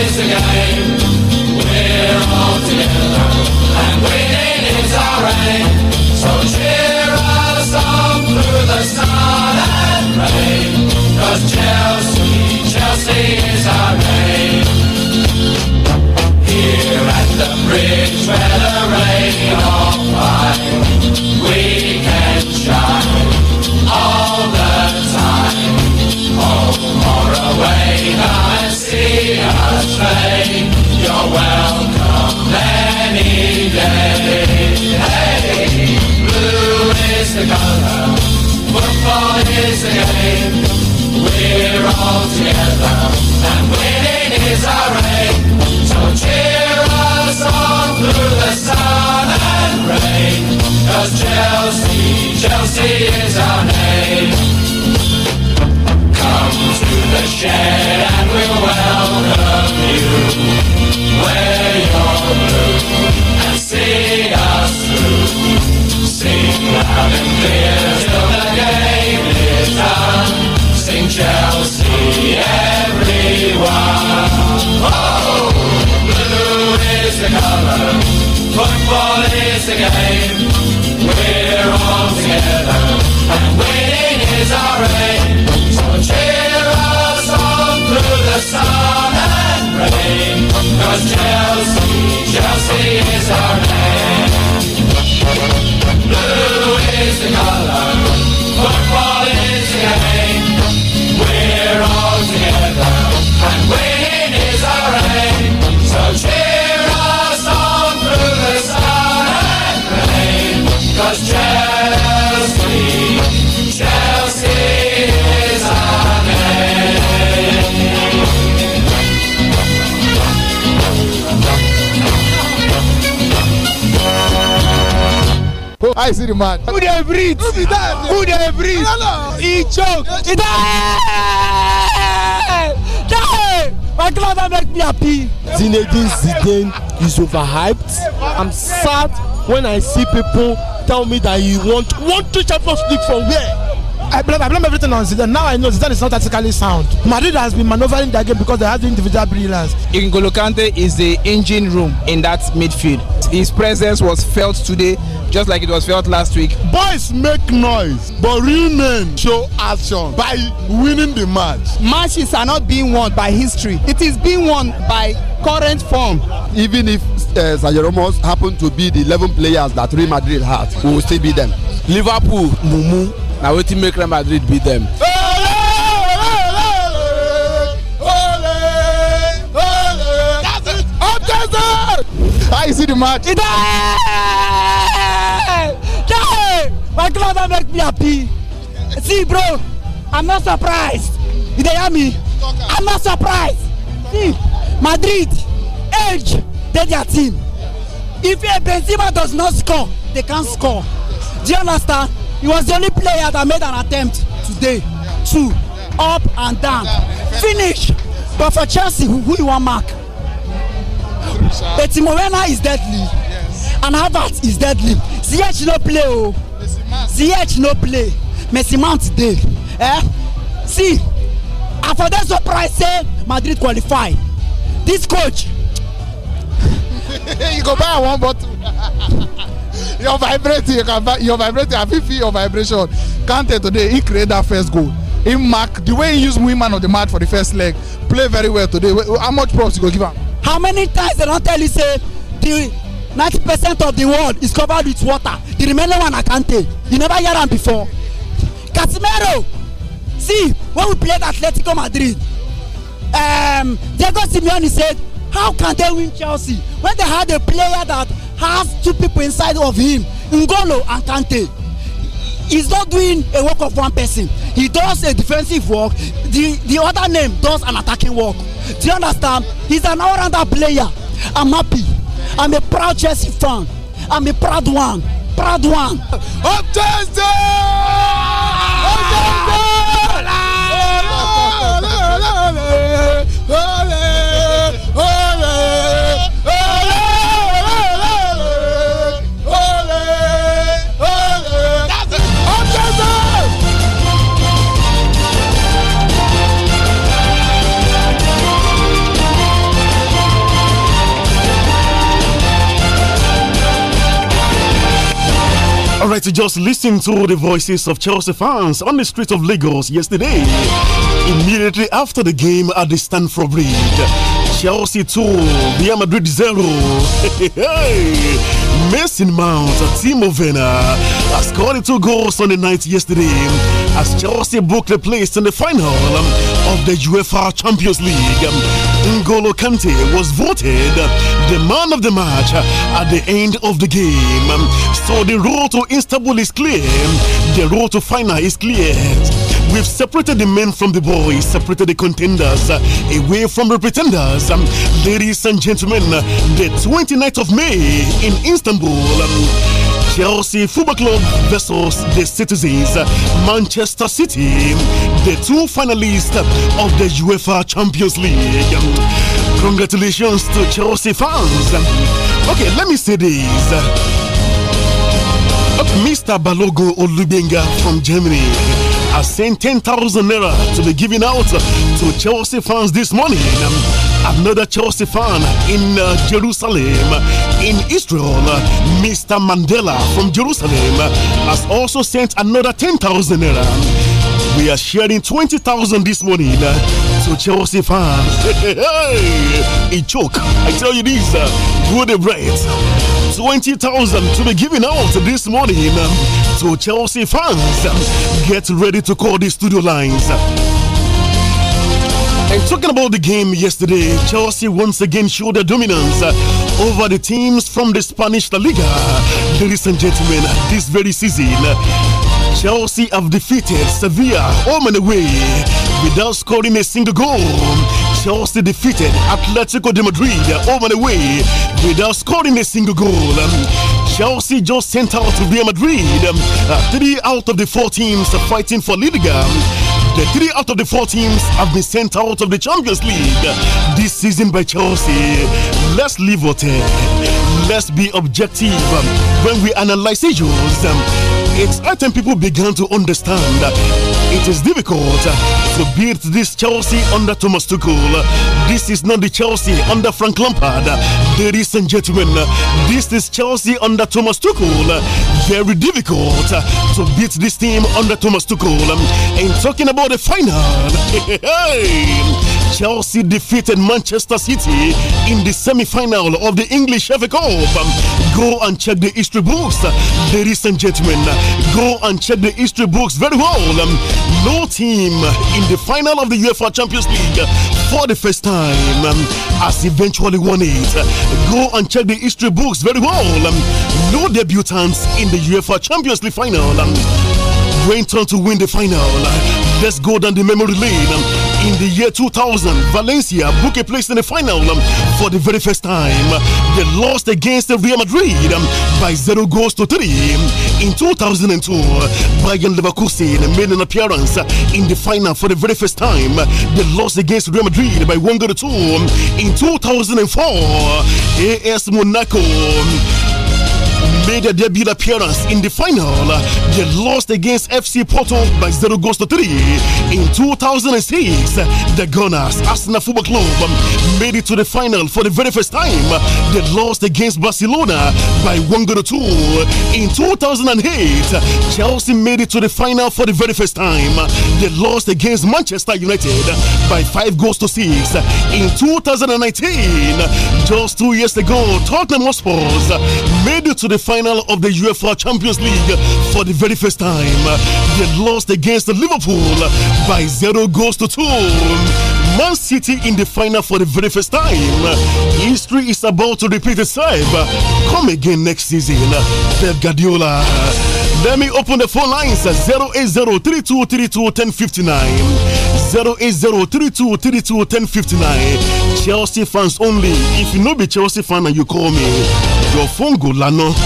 Speaker 13: is the game. We're all together and winning is our aim. So cheer us on through the sun and rain. Cause Chelsea, Chelsea is our name. Here at the bridge where the rain all fine, we can shine all the time. Home or away, guys. You're welcome any day. Hey, blue is the color, football is the game. We're all together and winning place again. We're all together, and winning is our aim. So cheer us on through the sun and rain, cause Chelsea, Chelsea is our name. Blue is the colour.
Speaker 8: I see the man. Who dey breathe? Who be that? Who dey breathe? He choke. He die. Die. My class don make me
Speaker 12: happy. Zinedine Zidane is overhyped. I'm sad when I see
Speaker 3: people tell me that he want want to Champions League from where? I blame, I blame everything on Zidane. Now I know Zidane is not tactically sound. Madrid has been maneuvering their game because they have the individual brilliance.
Speaker 12: N'Golo Kante is the engine room in that midfield. His presence was felt today just like it was felt last week.
Speaker 14: Boys make noise, but real men show action
Speaker 12: by winning the match. Matches are not being won by history, it is being won by current form. Even if uh, Sajeromos happened to be the eleven players that Real Madrid had, we will still beat them. Liverpool, Mumu, na wetin make Real Madrid beat them.
Speaker 7: I see the match. It My cloth don make me happy. See, bro, I'm not surprised. You dey hear me? I'm not surprised. See, Madrid, age, dey their team. If a Benzema does not score, they can't score. Do you understand? He was the only player that made an attempt today. Two, up and down. Finish. But for Chelsea, who, who you want mark?
Speaker 9: But Timorena is deadly. And Havertz is deadly. Ziyech no play oh. Zh no
Speaker 7: play messi mount dey eh see i for dey surprise say madrid qualify this
Speaker 3: coach. you go buy one bottle
Speaker 14: your vibrating you can buy your vibrating i fit feel your vibration kante today he create that first goal he mark the way he use win man of the match for the first leg play very well today how much props you go
Speaker 7: give am. how many times dem don tell you say the ninety percent of the world is covered with water the remaining one na kante. You never hear am before. Casemiro, see, when we played Atletico Madrid, um, Diego Simeone said, how can they win Chelsea when they had a player that has two people inside of him, Ngolo and Kante? He's not doing a work of one person. He does a defensive work. The, the other name does an attacking work. Do you understand? He's an all-rounder player. I'm happy. I'm a proud Chelsea fan. I'm a proud one
Speaker 12: proud one. of Jesus. of Jesus. ole ole ole
Speaker 14: right, just listen to the voices of Chelsea fans on the streets of Lagos yesterday. Immediately after the game at the Stanford Bridge, Chelsea 2, Real Madrid 0. Mason Mount, Timo Werner, scored two goals on the night yesterday as Chelsea booked the place in the final um, of the UEFA Champions League. Um, N'Golo Kante was voted the man of the match at the end of the game. Um, so the road to Istanbul is clear. The road to final is clear. We've separated the men from the boys, separated the contenders uh, away from the pretenders. Um, ladies and gentlemen, the 29th of May in Istanbul. Um, Chelsea Football Club versus the citizens, Manchester City, the two finalists of the UEFA Champions League. Congratulations to Chelsea fans. Okay, let me say this. Mr. Balogo Olubenga from Germany has sent 10,000 naira to be given out to Chelsea fans this morning Another Chelsea fan in uh, Jerusalem, in Israel, Mr. Mandela from Jerusalem has also sent another 10,000 naira. We are sharing 20,000 this morning uh, to Chelsea fans. Hey, hey, hey. A joke, I tell you this, uh, good bread. 20,000 to be given out this morning uh, to Chelsea fans. Get ready to call the studio lines and talking about the game yesterday, Chelsea once again showed their dominance over the teams from the Spanish La Liga. Ladies and gentlemen, this very season, Chelsea have defeated Sevilla home and away without scoring a single goal. Chelsea defeated Atletico de Madrid home and away without scoring a single goal. Um, Chelsea just sent out Real Madrid, um, three out of the four teams fighting for Liga three out of the four teams have been sent out of the Champions League this season by Chelsea. Let's leave it. Eh, let's be objective when we analyze issues. Eh, it's time people began to understand it is difficult uh, to beat this Chelsea under Thomas Tuchel. This is not the Chelsea under Frank Lampard. Ladies and gentlemen, this is Chelsea under Thomas Tuchel. Very difficult uh, to beat this team under Thomas Tuchel. Um, and talking about the final. Chelsea defeated Manchester City in the semi final of the English FA Cup. Go and check the history books, ladies and gentlemen. Go and check the history books very well. No team in the final of the UEFA Champions League for the first time has eventually won it. Go and check the history books very well. No debutants in the UEFA Champions League final went on to win the final. Let's go down the memory lane. In the year 2000, Valencia booked a place in the final um, for the very first time. They lost against Real Madrid um, by zero goals to three. In 2002, Bayern Leverkusen made an appearance in the final for the very first time. They lost against Real Madrid by one goal to two. In 2004, AS Monaco made their debut appearance in the final. They lost against FC Porto by 0 goals to 3. In 2006, the Gunners, Arsenal Football Club, made it to the final for the very first time. They lost against Barcelona by 1 goal to 2. In 2008, Chelsea made it to the final for the very first time. They lost against Manchester United by 5 goals to 6. In 2019, just two years ago, Tottenham Hotspurs made it to the final final of the UEFA Champions League for the very first time. They lost against Liverpool by zero goals to two. Man City in the final for the very first time. History is about to repeat itself. Come again next season. Pep Guardiola. Let me open the phone lines 08032321059. 08032321059. Chelsea fans only. If you know be Chelsea fan and you call me, your phone go lano.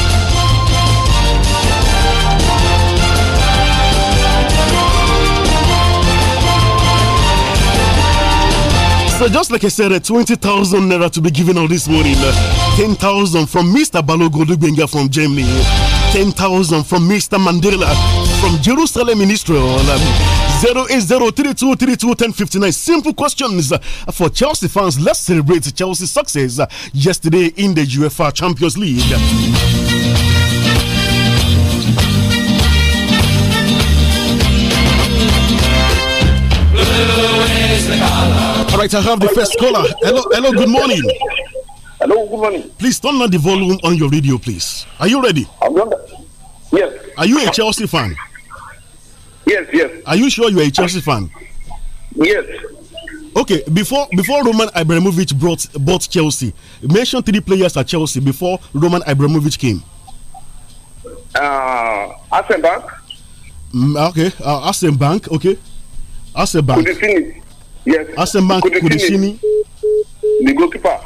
Speaker 14: So just like I said, uh, 20,000 naira to be given out this morning. Uh, 10,000 from Mr. Balogo Lugbenga from Germany. 10,000 from Mr. Mandela from Jerusalem in Israel. Um, 08032321059. Simple questions uh, for Chelsea fans. Let's celebrate Chelsea's success uh, yesterday in the UEFA Champions League. All right, I have the first caller. Hello, hello, good morning. Hello, good morning. Please turn on the volume on your radio, please. Are you ready? I'm ready. yes. Are you a Chelsea fan? Yes, yes. Are you sure you are a Chelsea fan? Yes. Okay, before before Roman Abramovich brought bought Chelsea, mention three players at Chelsea before Roman Abramovich came.
Speaker 2: Uh, Asen Bank.
Speaker 14: Mm, okay, uh, Asen Bank. Okay, Asen Bank.
Speaker 2: Kudisini. Yes.
Speaker 14: Asenbank Kudishini. The goalkeeper.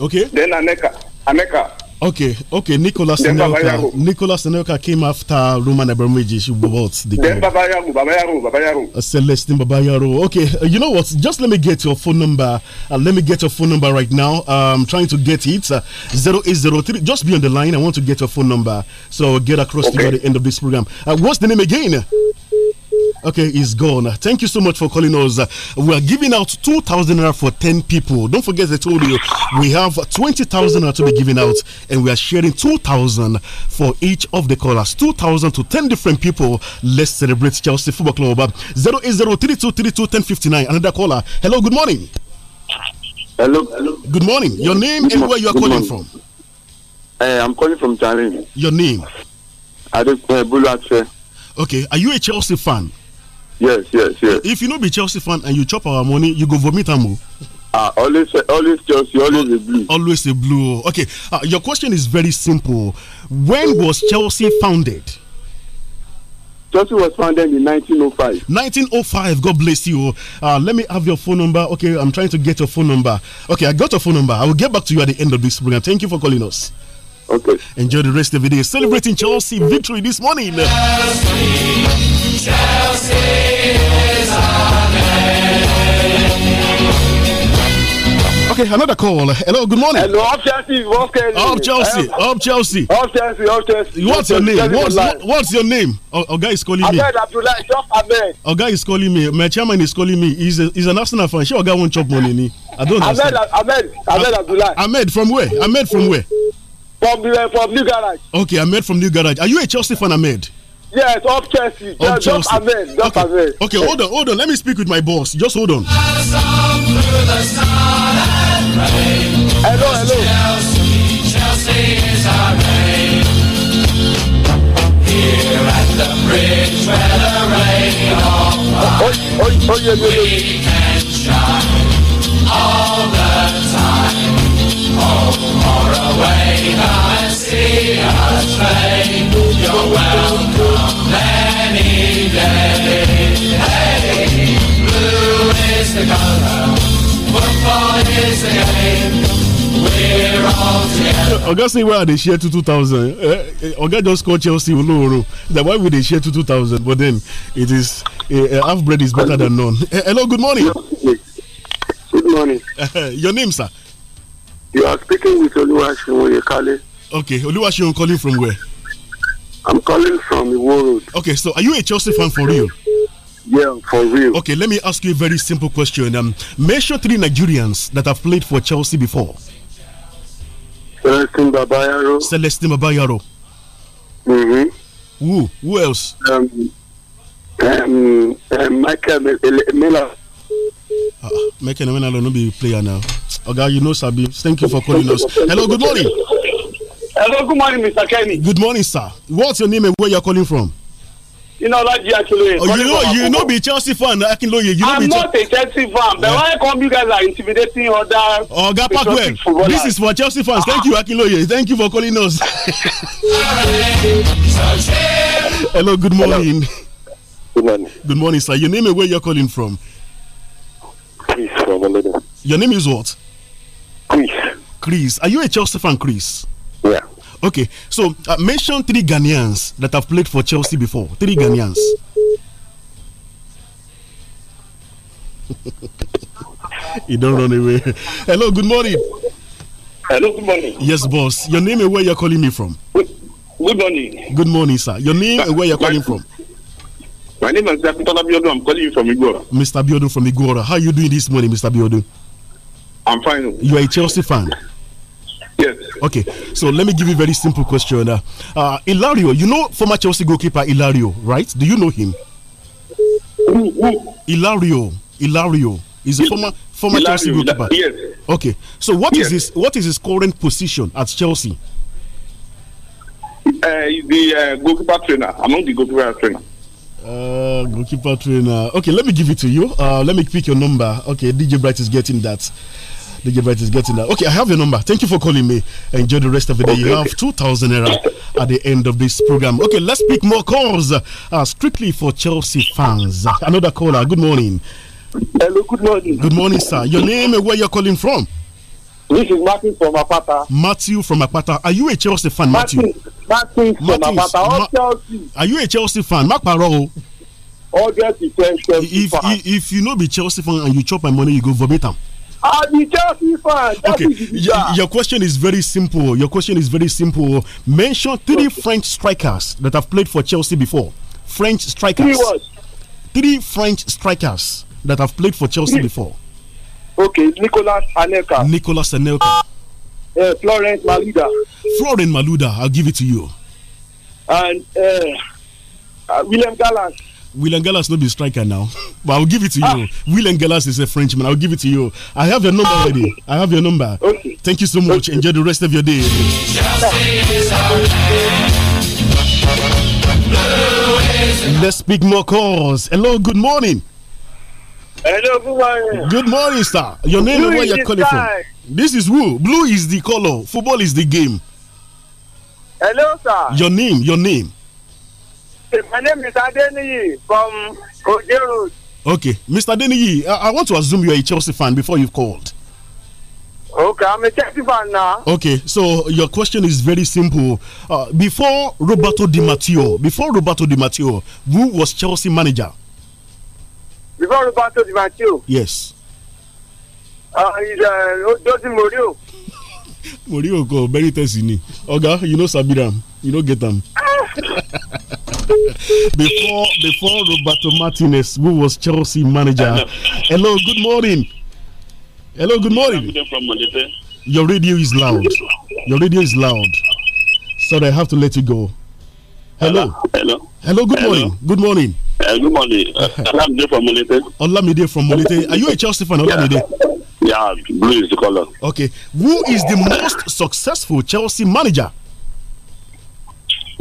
Speaker 2: Okay. Then Aneka. Aneka.
Speaker 14: Okay, okay, Nicolas Senelka. Nicolas Senelka came after Roman Abramovich bought the club. Then
Speaker 2: Babayaro, Babayaro, Babayaro.
Speaker 14: Celestine Babayaro. Okay, uh, you know what? Just let me get your phone number. Uh, let me get your phone number right now. I'm trying to get it. Uh, zero eight zero three. 0803. Just be on the line. I want to get your phone number. So get across okay. to the end of this program. Uh, what's the name again? Okay, it's gone. Thank you so much for calling us. We are giving out 2,000 for 10 people. Don't forget, I told you we have 20,000 to be given out, and we are sharing 2,000 for each of the callers. 2,000 to 10 different people. Let's celebrate Chelsea Football Club. 08032321059. Another caller. Hello, good morning. Hello. Hello. Good morning. Your name good and where you are calling morning.
Speaker 2: from? Uh, I'm calling from Tarin. Your name? Adekunle Buluatse.
Speaker 14: Okay, are you a Chelsea fan?
Speaker 2: Yes, yes, yes. If
Speaker 14: you not be Chelsea fan and you chop our money, you go vomit am Ah, always, always Chelsea, always a blue. Always a blue. Okay, uh, your question is very simple. When was Chelsea founded? Chelsea was founded in 1905. 1905. God bless you. Uh, let me have your phone number. Okay, I'm trying to get your phone number. Okay, I got your phone number. I will get back to you at the end of this program. Thank you for calling us. Okay. Enjoy the rest of the day. Celebrating Chelsea victory this morning.
Speaker 13: Chelsea, Chelsea
Speaker 14: okay, another call. Hello, good morning. Hello, up Chelsea, up Chelsea, up Chelsea, up Chelsea, up Chelsea. What's your name? What's, what's your name? Oh, guy is calling me. Oh, guy is calling me. My chairman is calling me. He's a, he's an Arsenal fan. Sure, guy won't chop money. I don't understand. Ahmed, Ahmed, Ahmed Abdullah. Ahmed from where? Ahmed from where? From, uh, from New Garage. Okay, Ahmed from New Garage. Are you a Chelsea fan, Ahmed? Yes, up Chelsea. Up Chelsea. Just Ahmed. Just okay. Ahmed. Okay, hold on, hold on. Let me speak with my boss. Just hold on. Hello,
Speaker 13: hello. oh, oh, oh, yeah, yeah, yeah. we can shine all the time.
Speaker 14: Oga say away thy sea's why they share to 2000 Oga eh, eh, just called Chelsea Oloro that why we they share to 2000 but then it is uh, half bread is better than none hello good morning good morning your name sir
Speaker 2: you are speaking with Oluwaseun Oyekale.
Speaker 14: Okay, Oluwaseun calling from where? I'm calling from the Road. Okay, so are you a Chelsea fan for real?
Speaker 2: Yeah, for real. Okay,
Speaker 14: let me ask you a very simple question. Um, mention three Nigerians that have played for Chelsea before. Celestine Babayaro. Celestine Babayaro. Mm hmm Who? Who else? Um, um, um Michael
Speaker 2: Miller. Uh,
Speaker 14: ah, Michael Miller will not be player now. Oga, you know Sabi. Thank you for calling us. Hello, good morning. Hello, good morning, Mr. Kenny. Good morning, sir. What's your name and where you're calling from?
Speaker 2: You know, like actually.
Speaker 14: Oh, you know, you know, be Chelsea fan. I can know you. you I'm not a Chelsea fan, but yeah. why come you guys are intimidating other? Oh, God, Parkwell. This is for Chelsea fans. Thank you, Akinloye. Thank you for calling us. Hello, good morning. Hello. Good morning. Good morning, sir. Your name and where you're calling from?
Speaker 2: Please, from
Speaker 14: Your name is what? Chris. Chris, are you a Chelsea fan, Chris? Yeah. Okay, so uh, mention three Ghanaians that have played for Chelsea before. Three Ghanaians. you don't run away. Hello, good morning. Hello, good morning. Yes, boss. Your name and where you're calling me from?
Speaker 2: Good, morning.
Speaker 14: Good morning, sir. Your name and where you're calling from?
Speaker 2: My name is Mr. Biodun. I'm calling you from Igora.
Speaker 14: Mr. Biodun from Igora. How are you doing this morning, Mr. Biodun? I'm fine. You are a Chelsea fan. Yes. Okay, so let me give you a very simple question. Uh, uh, Ilario, you know former Chelsea goalkeeper Ilario, right? Do you know him? Who, who? Ilario, Ilario is a former former Ilario, Chelsea goalkeeper. Yes. Okay, so what yes. is his what is his current position at Chelsea?
Speaker 2: Uh, the uh, goalkeeper trainer, I'm not the goalkeeper trainer.
Speaker 14: Uh, goalkeeper trainer. Okay, let me give it to you. Uh, let me pick your number. Okay, DJ Bright is getting that. The Gilbert is getting that. Okay, I have your number. Thank you for calling me. Enjoy the rest of the day. Okay. You have 2,000 era at the end of this program. Okay, let's pick more calls uh, strictly for Chelsea fans. Another caller. Good morning. Hello, good morning. Good morning, sir. Your name and where you're calling from? This is Matthew from Apata. Matthew from Apata. Are you a Chelsea fan, Matthew? Matthew from Apata. Ma oh, Chelsea. Are you a Chelsea fan? Mark Paro. All Chelsea. If, if, if you know be Chelsea fan and you chop my money, you go vomit them. Okay. Your question is very simple. Your question is very simple. Mention three okay. French strikers that have played for Chelsea before. French strikers. Three, three French strikers that have played for Chelsea three. before. Okay, Nicolas Anelka. Nicolas Anelka. Uh, Florent Maluda. Florent Maluda, I'll give it to you. And uh, uh, William Gallant. William Gallas not be striker now, but I'll give it to you. Ah. William Gallas is a Frenchman. I'll give it to you. I have your number already. I have your number. Okay. Thank you so much. Okay. Enjoy the rest of your day. Let's pick more calls. Hello, good morning. Hello, good morning. Good morning, sir. Your name Blue and where you're calling from. This is who? Blue is the color. Football is the game. Hello, sir. Your name, your name. My name is Adeni from Oje Road. Okay, Mr. Adeni, I, I, want to assume you're a Chelsea fan before you've called. Okay, I'm a Chelsea fan now. Okay, so your question is very simple. Uh, before Roberto Di Matteo, before Roberto Di Matteo, who was Chelsea manager?
Speaker 12: Before Roberto Di Matteo?
Speaker 14: Yes. Uh,
Speaker 12: he's uh, Jose Mourinho.
Speaker 14: Mourinho go very Oga, you know Sabiram, you know get them. before before Roberto Martinez, who was Chelsea manager. Hello, good morning. Hello, good morning. Your radio is loud. Your radio is loud. Sorry, I have to let you go.
Speaker 2: Hello. Hello. Hello. Good morning. Good morning. good morning. Uh, uh Olamide from Molete.
Speaker 14: Olamide from Molete. Are you a Chelsea fan, Olamide?
Speaker 2: yeah, blue is the color.
Speaker 14: Okay. Who is the most successful Chelsea manager?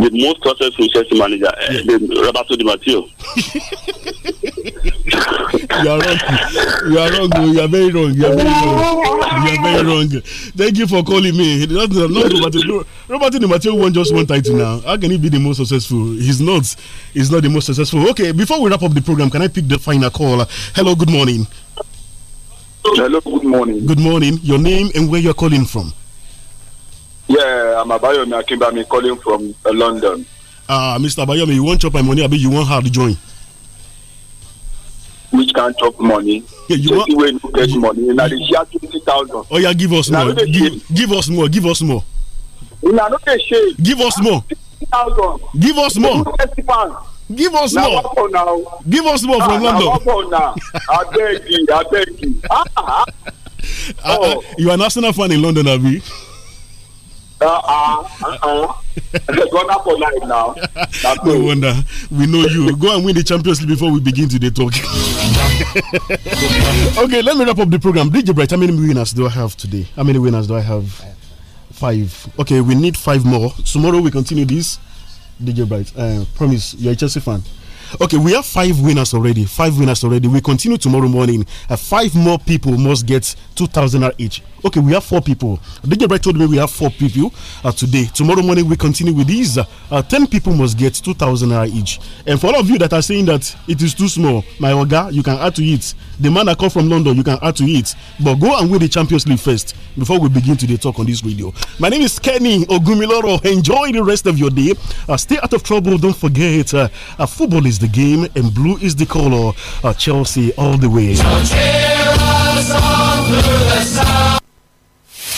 Speaker 2: Eh, the most successful sales manager, yeah. uh, Roberto Di Matteo.
Speaker 14: you are wrong. You are wrong. Oh. You are very wrong. You are very wrong. You are very wrong. Thank you for calling me. Not, not Roberto. Roberto Di Matteo won just one title now. How can he be the most successful? He's not. He's not the most successful. Okay. Before we wrap up the program, can I pick the final call? Hello. Good morning.
Speaker 2: Hello. Good morning. Good
Speaker 14: morning. Your name and where you're calling from.
Speaker 2: Yeah, I'm Abayomi Akimbami calling from uh, London.
Speaker 14: Uh, ah, Mr. Abayomi, you want chop my money, Abi? You want hard join?
Speaker 2: Which can chop money? Yeah, you want to you get you, money? Now they share twenty thousand. Oh
Speaker 14: yeah, give us more. Give, give us more. Give us more. Now not they share. Give us more. Give us more. Give us more. Now for Give us more from ah, London. Now now? for
Speaker 2: I beg you. I beg you. Oh,
Speaker 14: You are an Arsenal fan in London, Abi?
Speaker 2: Uh-uh, uh-uh. for now.
Speaker 14: no wonder. We know you. Go and win the Champions League before we begin today talk. okay, let me wrap up the program. DJ Bright, how many winners do I have today? How many winners do I have? Five. Okay, we need five more. Tomorrow we continue this. DJ Bright, uh, promise you're a Chelsea fan. Okay, we have five winners already. Five winners already. We continue tomorrow morning. Uh, five more people must get 2,000 each. Okay, we have four people. DJ Bright told me we have four people uh, today. Tomorrow morning we continue with these. Uh, Ten people must get two thousand naira each. And for all of you that are saying that it is too small, my oga, you can add to it. The man that come from London, you can add to it. But go and win the Champions League first before we begin today talk on this video. My name is Kenny Ogumiloro. Enjoy the rest of your day. Uh, stay out of trouble. Don't forget, uh, uh, football is the game and blue is the color. Uh, Chelsea all the way.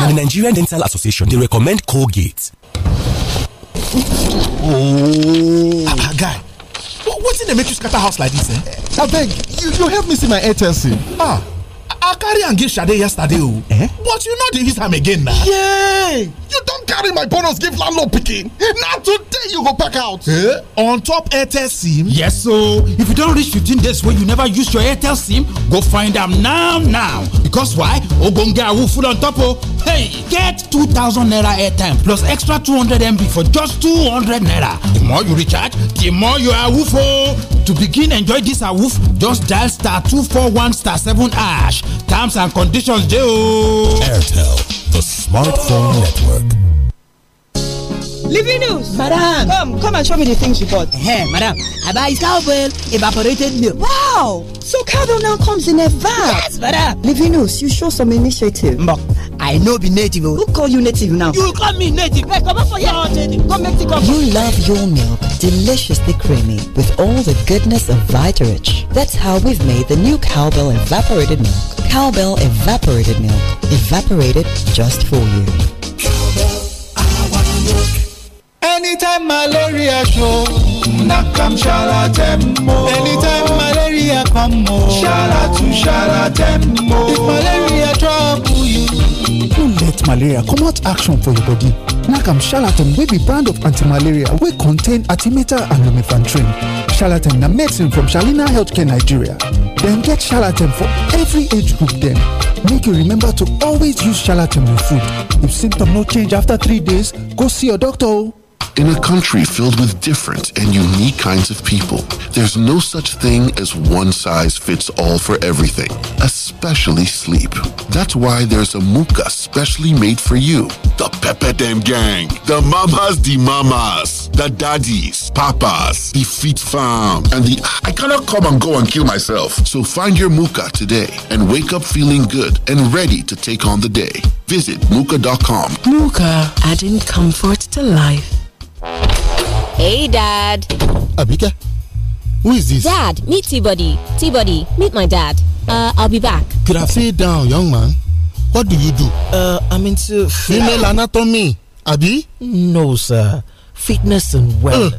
Speaker 14: now, the Nigerian Dental Association, they recommend Colgate. Oh. Ah, guy, what's in the metro you scatter house like this, eh? I beg, you, you help me see my ATLC. Ah i carry and give Sade yesterday oh. Eh? but you know the use am again now. yay you don't carry my bonus gift landlord picking. Now today you go pack out. Eh?
Speaker 7: on top airtel sim. yes so if you don't reach fifteen days where you never use your airtel sim go find them now now because why get a full on top Oh, hey get two thousand naira airtime plus extra two hundred mb for just two hundred naira the more you recharge the more you woof. Oh, to begin enjoy this awoof just dial star two four one star seven ash terms and conditions dey airtel the smartphone
Speaker 5: network.
Speaker 7: Living Madam. Come, come and show me the things you bought. Hey, madam. I buy cowbell, evaporated milk. Wow. So cowbell now comes in a van. Yes, madam. Living you show some initiative. But I know be native. Oh. Who
Speaker 8: call you native now? You call me native. Hey, come for your native. Come make the coffee. You love your milk deliciously creamy with all the goodness of Vitarich. That's how we've made the new cowbell evaporated milk. Cowbell evaporated milk. Evaporated just for you. Cowbell, I want milk. Anytime malaria show,
Speaker 12: knock am shalatemmo. Anytime malaria come, shalatu shalatemmo. If malaria
Speaker 16: trouble you, don't let malaria come out. action for your body. Nakam am shalatem wey be brand of anti-malaria wey contain artimata and lumefantrine. Shalatem na medicine from Shalina Healthcare Nigeria. Then get shalatem for every age group Then make you remember to always use charlatan with food if symptoms no change after three days go see your doctor oh.
Speaker 5: In a country filled with different and unique kinds of people, there's no such thing as one size fits all for everything, especially sleep. That's why there's a Mooka specially made for you. The Pepe Dem Gang, the Mamas the Mamas, the Daddies, Papas, the Feet Farm, and the I cannot come and go and kill myself. So find your Mooka today and wake up feeling good and ready to take on the day. Visit Mooka.com.
Speaker 15: Mooka, adding comfort to life. Hey, Dad.
Speaker 1: Abika, who is this?
Speaker 4: Dad, meet T-Body. T-Body, meet my dad. Uh, I'll be back.
Speaker 1: Could I sit down, young man? What do you do? Uh, I'm into...
Speaker 12: Female
Speaker 14: anatomy, Abi? No, sir. Fitness and uh, wellness. Uh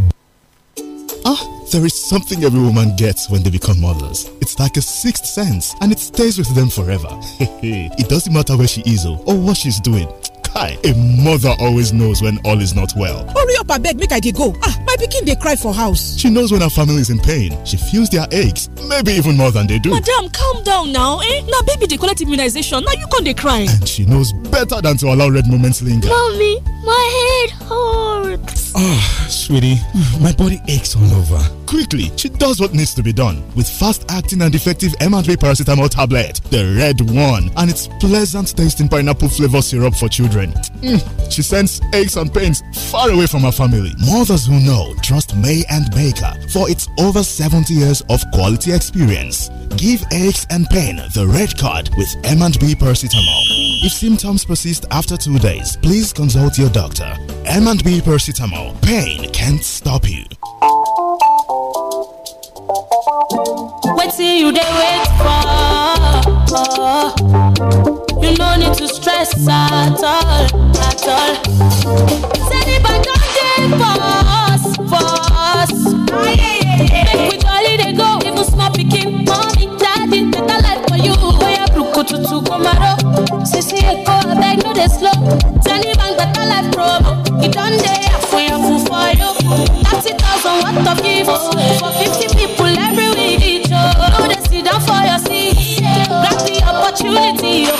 Speaker 14: Ah, there is something every woman gets when they become mothers. It's like a sixth sense and it stays with them forever. it doesn't matter where she is oh, or what she's doing Kai, a mother always knows when all is not well. Hurry up, I beg, make I dey go. Ah, my pikin dey cry for house. She knows when her family is in pain. She feels their aches, maybe even more than they do. Madam,
Speaker 6: calm down now. Eh?
Speaker 8: Now, baby, they collect immunization. Now you can't dey cry. And
Speaker 14: she knows better than to allow red moments linger.
Speaker 8: Mommy, my head hurts.
Speaker 14: Oh, sweetie, my body aches all over quickly, she does what needs to be done with fast acting and effective M and B paracetamol tablet, the red one, and its pleasant tasting pineapple flavor syrup for children. Mm, she sends aches and pains far away from her family. Mothers who know trust May and Baker for its over 70 years of quality experience. Give aches and pain the red card with M&B paracetamol. If symptoms persist after two days, please consult your doctor. M&B paracetamol. Pain can't stop you.
Speaker 4: Waiting you they wait for. You no need to stress at all, at all. Send it back on the boss, boss. Make we jolly they go, even small picking money kututu komaro sisi eko abeg no dey slow taliban life promo e don dey for you for fifty people every week no dey sit for your seat grab the opportunity o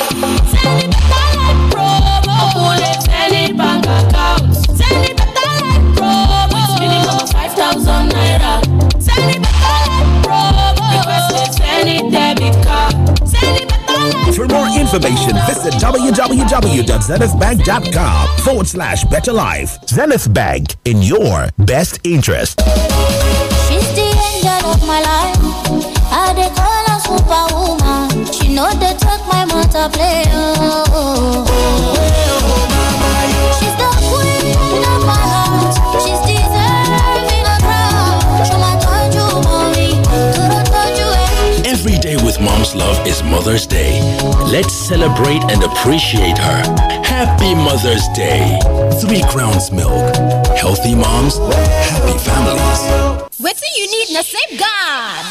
Speaker 9: better life
Speaker 4: promo kule tali bank account better life promo five thousand naira better life promo any debit card.
Speaker 5: For more information, visit www.zenithbank.com forward slash better life. Zenith Bank, in your best interest.
Speaker 4: She's the angel of my life. I they call her superwoman. She know they took my mother play. Oh, oh, oh.
Speaker 5: mom's love is Mother's Day. Let's celebrate and appreciate her. Happy Mother's Day. Three Crowns Milk. Healthy moms, happy families. What
Speaker 4: do you need save God.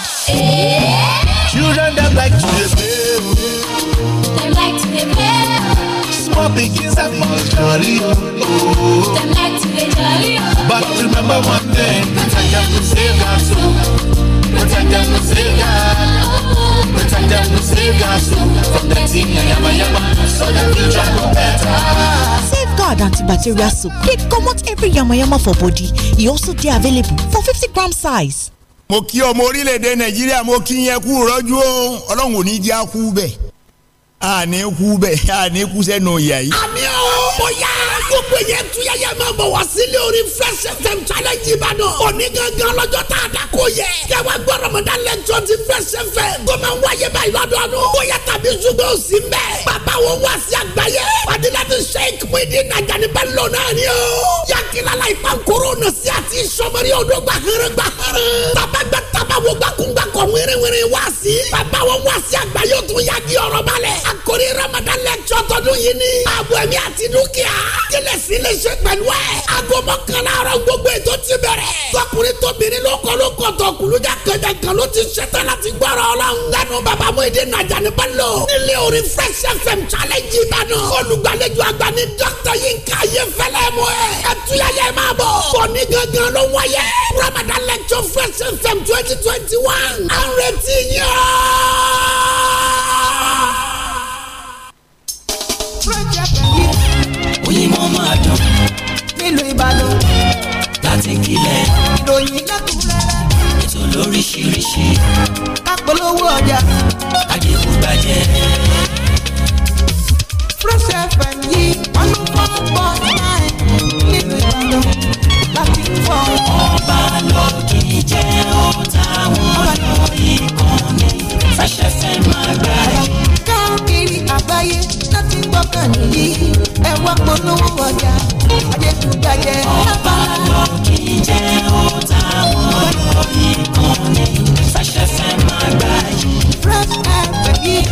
Speaker 5: Children that like to play.
Speaker 7: they like to play. Small pickings are
Speaker 3: jolly.
Speaker 13: They like to play jolly.
Speaker 3: But remember one thing, protect
Speaker 13: them from Sega soon. Protect them from Sega. Protect them from Sega soon. From the thing yama yama, so the future go better.
Speaker 6: Safeguard
Speaker 8: antibacterial soap. They come out every yama yama for body. He also they available for 50 gram size.
Speaker 14: mo kí ọmọ orílẹ̀-èdè nàìjíríà mo kí yẹn kú rọ́jú o ọlọ́run ò ní jẹ́ àkú bẹ́ẹ̀ àní kú bẹ́ẹ̀ àní kú sẹ́nu ìyá yìí. àmì
Speaker 15: ò mọ̀
Speaker 9: yá
Speaker 14: gbogbo
Speaker 15: yẹn tuyaya máa bọ̀ wá sílé orí Fresh FM challenge Ìbàdàn òní gangan lọ́jọ́ tá a dà kó yẹ kẹwàá gbọ́ ramadan lẹ́jọ́ ti Fresh FM kó máa wáyé báyìí lọ́dọọdún bóyá tàbí ṣùgbọ́n ò sí mbẹ́ bàbá wo wá sí àgbáyé Fadilatu Sheikh Muideen Ajani Bello náà ni o yakilala ìpankoro nà sí àti ìsọmọrí odò gbàhẹ́rẹ́ gbàhẹ́rẹ́ tabagba tabawo gbàkúngbà kọ̀ wẹ́rẹ́wẹ́rẹ́ wá sí bàbá wo wá sí àgbáyé o tún yá di ọ̀rọ̀ balẹ̀ àkórí ramadan lẹ́jọ́ tọdún yìí ni àbọ̀ ẹ̀mí àti dúkìá sílẹ̀ sí iléeṣẹ́ pẹ̀lú ẹ̀. aago mọ́kànlá ọ̀rọ̀ gbogbo ètò ti bẹ̀rẹ̀. tọkùnrin tóbìnrin ló kọ́ ló kọ́ tọkùlùjà kẹjà kan ló ti ṣẹta láti gbọ́rọ̀ ọlọ́run. lẹ́nu bàbá mo èdè nàjà ní balo. nílé orí fresh fm challenge ìbànú. olùgbàlejò àgbà ní dr yinka ayé fẹlẹ mọ ẹ. ẹtúyẹyẹ máa bọ̀. bọ̀ni gangan ló wáyé. ramadan lecture fresh fm twenty twenty one. à ń retí yẹn. máa dùn
Speaker 7: nílùú Ìbàdàn láti kílẹ̀. ìròyìn lẹ́kùnrẹ́rẹ́ ètò lóríṣiríṣi
Speaker 12: kápolówó ọjà àdéhùn gbàjẹ́. Fresh FM yìí wọ́n ló fọ́ pọ̀ náà
Speaker 4: nílùú Ìbàdàn láti fọ́. ọba lọ kì í jẹ́ ọ̀tá wọn lọ ìkànnì Fresh FM máa gbà
Speaker 8: yìí àbáyé láti gbọ́kàn nìyí ẹ wá polówó ọjà ajẹkùjàjẹ. ọba lọ kì í jẹ́ ọ̀tá wọn
Speaker 13: lórí
Speaker 4: ìkànnì ṣàṣẹ̀ṣẹ̀ máa gbà yìí. fresh air pẹ̀lú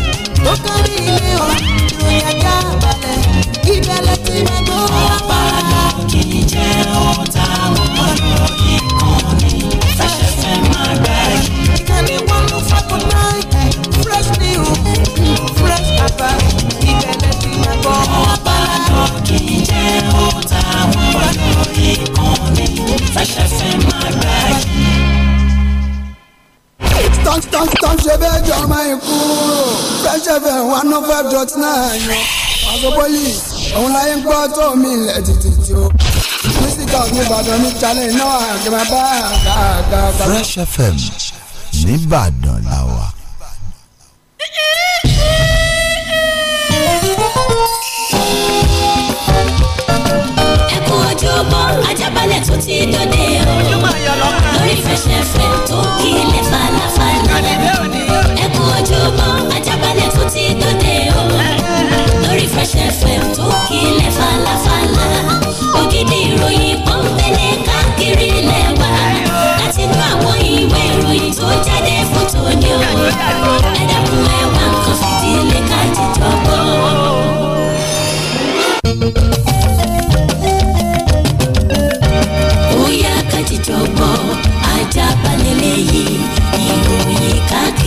Speaker 4: tó kárí ilé ọ̀ ìròyìn ajá balẹ̀ ìbẹ̀lẹ̀ tí wọ́n ọba
Speaker 13: lọ kì í jẹ́ ọ̀tá ó ta
Speaker 4: wọ́n lọ ìkànnì Fresh FM àgbáyé.
Speaker 12: tọ́ntọ́ntọ́n ṣe bẹ́ẹ̀ jọ ọmọ ìkúrò Fresh FM one oh five police òun láyé ń gbọ́ tó mi ilẹ̀ títí o mísíkà òní Ìbàdàn ní challenge náà àgbà bá àgbà àgbà. Fresh
Speaker 5: FM nìbàdàn làwà.
Speaker 4: ti dòde o lórí falafala ẹ kú ojúmọ́ ajábalẹ̀ tó ti dòde o lórí fẹsẹ̀fẹ̀ falafala ògidì ìròyìn kan fẹ́lẹ̀ káàkiri lẹ́wà láti nú ẹ̀dá.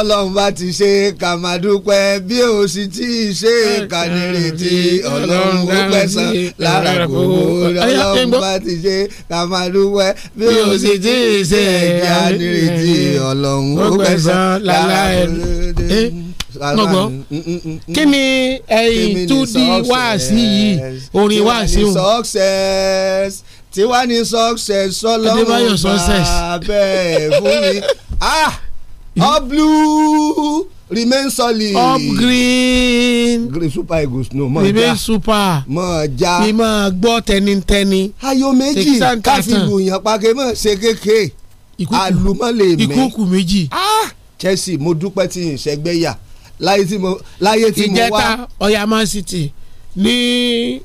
Speaker 16: bọ́lọ́run bá ti ṣe ká máa dúpẹ́ bí o sì ti ṣe ká nírètí ọlọ́run ó pẹ̀sán lára kò ọlọ́run bá ti ṣe ká máa dúpẹ́ bí o sì ti ṣe ká nírètí ọlọ́run ó pẹ̀sán lára gbogbo mm, mm, mm, kí ni ẹyin two d wáàsí yìí orin wáàsí o. success tiwa ni success ọlọ́run bá bẹ́ẹ̀ fún mi. up blue remain solid. up green. green super eagles no mọ ja remain super. mọ ja. ni mọ gbọ́ tẹnitẹni. ayọ̀ méjì káfíńgù yàn pàkẹ́ mọ̀ ṣe kéèké. àlùmọ́lẹ̀ mẹ́. ìkúùkù méjì. chelsea mo dúpẹ́ tí n ṣẹgbẹ́ yà láyé tí mo láyé tí mo wá. ìjẹta
Speaker 3: ọ̀yà man city ní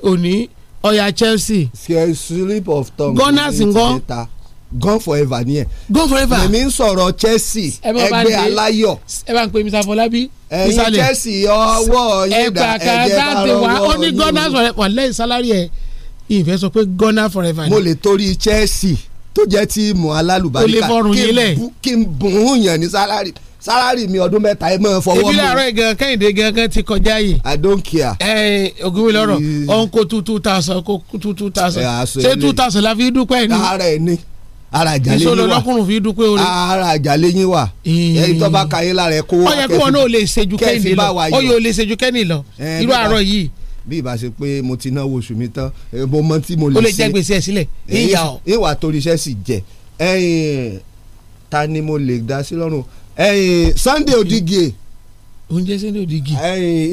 Speaker 3: òní ọ̀yà chelsea.
Speaker 16: fear slip of tongue. gunners ngọ́ gone forever ni ẹ. gone forever. èmi ń sọ̀rọ̀ Chelsea ẹgbẹ́ aláyọ̀.
Speaker 3: ẹ bá ń pe Mr. Fọlábí. ẹyin Chelsea ọwọ́ yín dá ẹ̀jẹ̀ bá rọwọ́ yín. ó ní Ghana forever wà lẹ́yìn sálárì ẹ̀ ìfẹ́ sọ
Speaker 16: pé Ghana forever ni. mo lè torí Chelsea tó jẹ́ tíìmù alálùbáríkà kí n bùn ún yàn ní Salary sálárì mi ọdún mẹ́ta ẹ máa fọwọ́ mi. ebi láàárọ̀
Speaker 3: gan kẹ́hìndé gan kan ti kọjá yìí. i don't care. ẹ ogunwe lọ́rọ̀ ọ̀hún kó two two thousand kó two two thousand ṣé two thousand la
Speaker 16: fi dúpẹ́ ni. káàárẹ̀ ni ara àjàlẹ̀ yín wà ìṣòro lọ́kùnrin fi dúpẹ́ orin ara àjàlẹ̀ yín wà ẹni tó bá ka yín lára ẹ kó wá kẹfì ọyẹ kí wọn náà lè ṣejú kẹ́ni lọ ọyẹ ò lè ṣejú kẹ́ni lọ irú àárọ̀ yìí bí ìbá ṣe pé mo ti náwó oṣù mi tán mo mọ tí mo lè ṣe. o lè jẹ gbèsè ẹ sílẹ̀ ìyá ọ. ìwà torí sì jẹ ẹyin ta ni mo lè dá sí lọ́rùn ẹyin Sunday Odigwe oúnjẹ sẹ́ni òdìgì.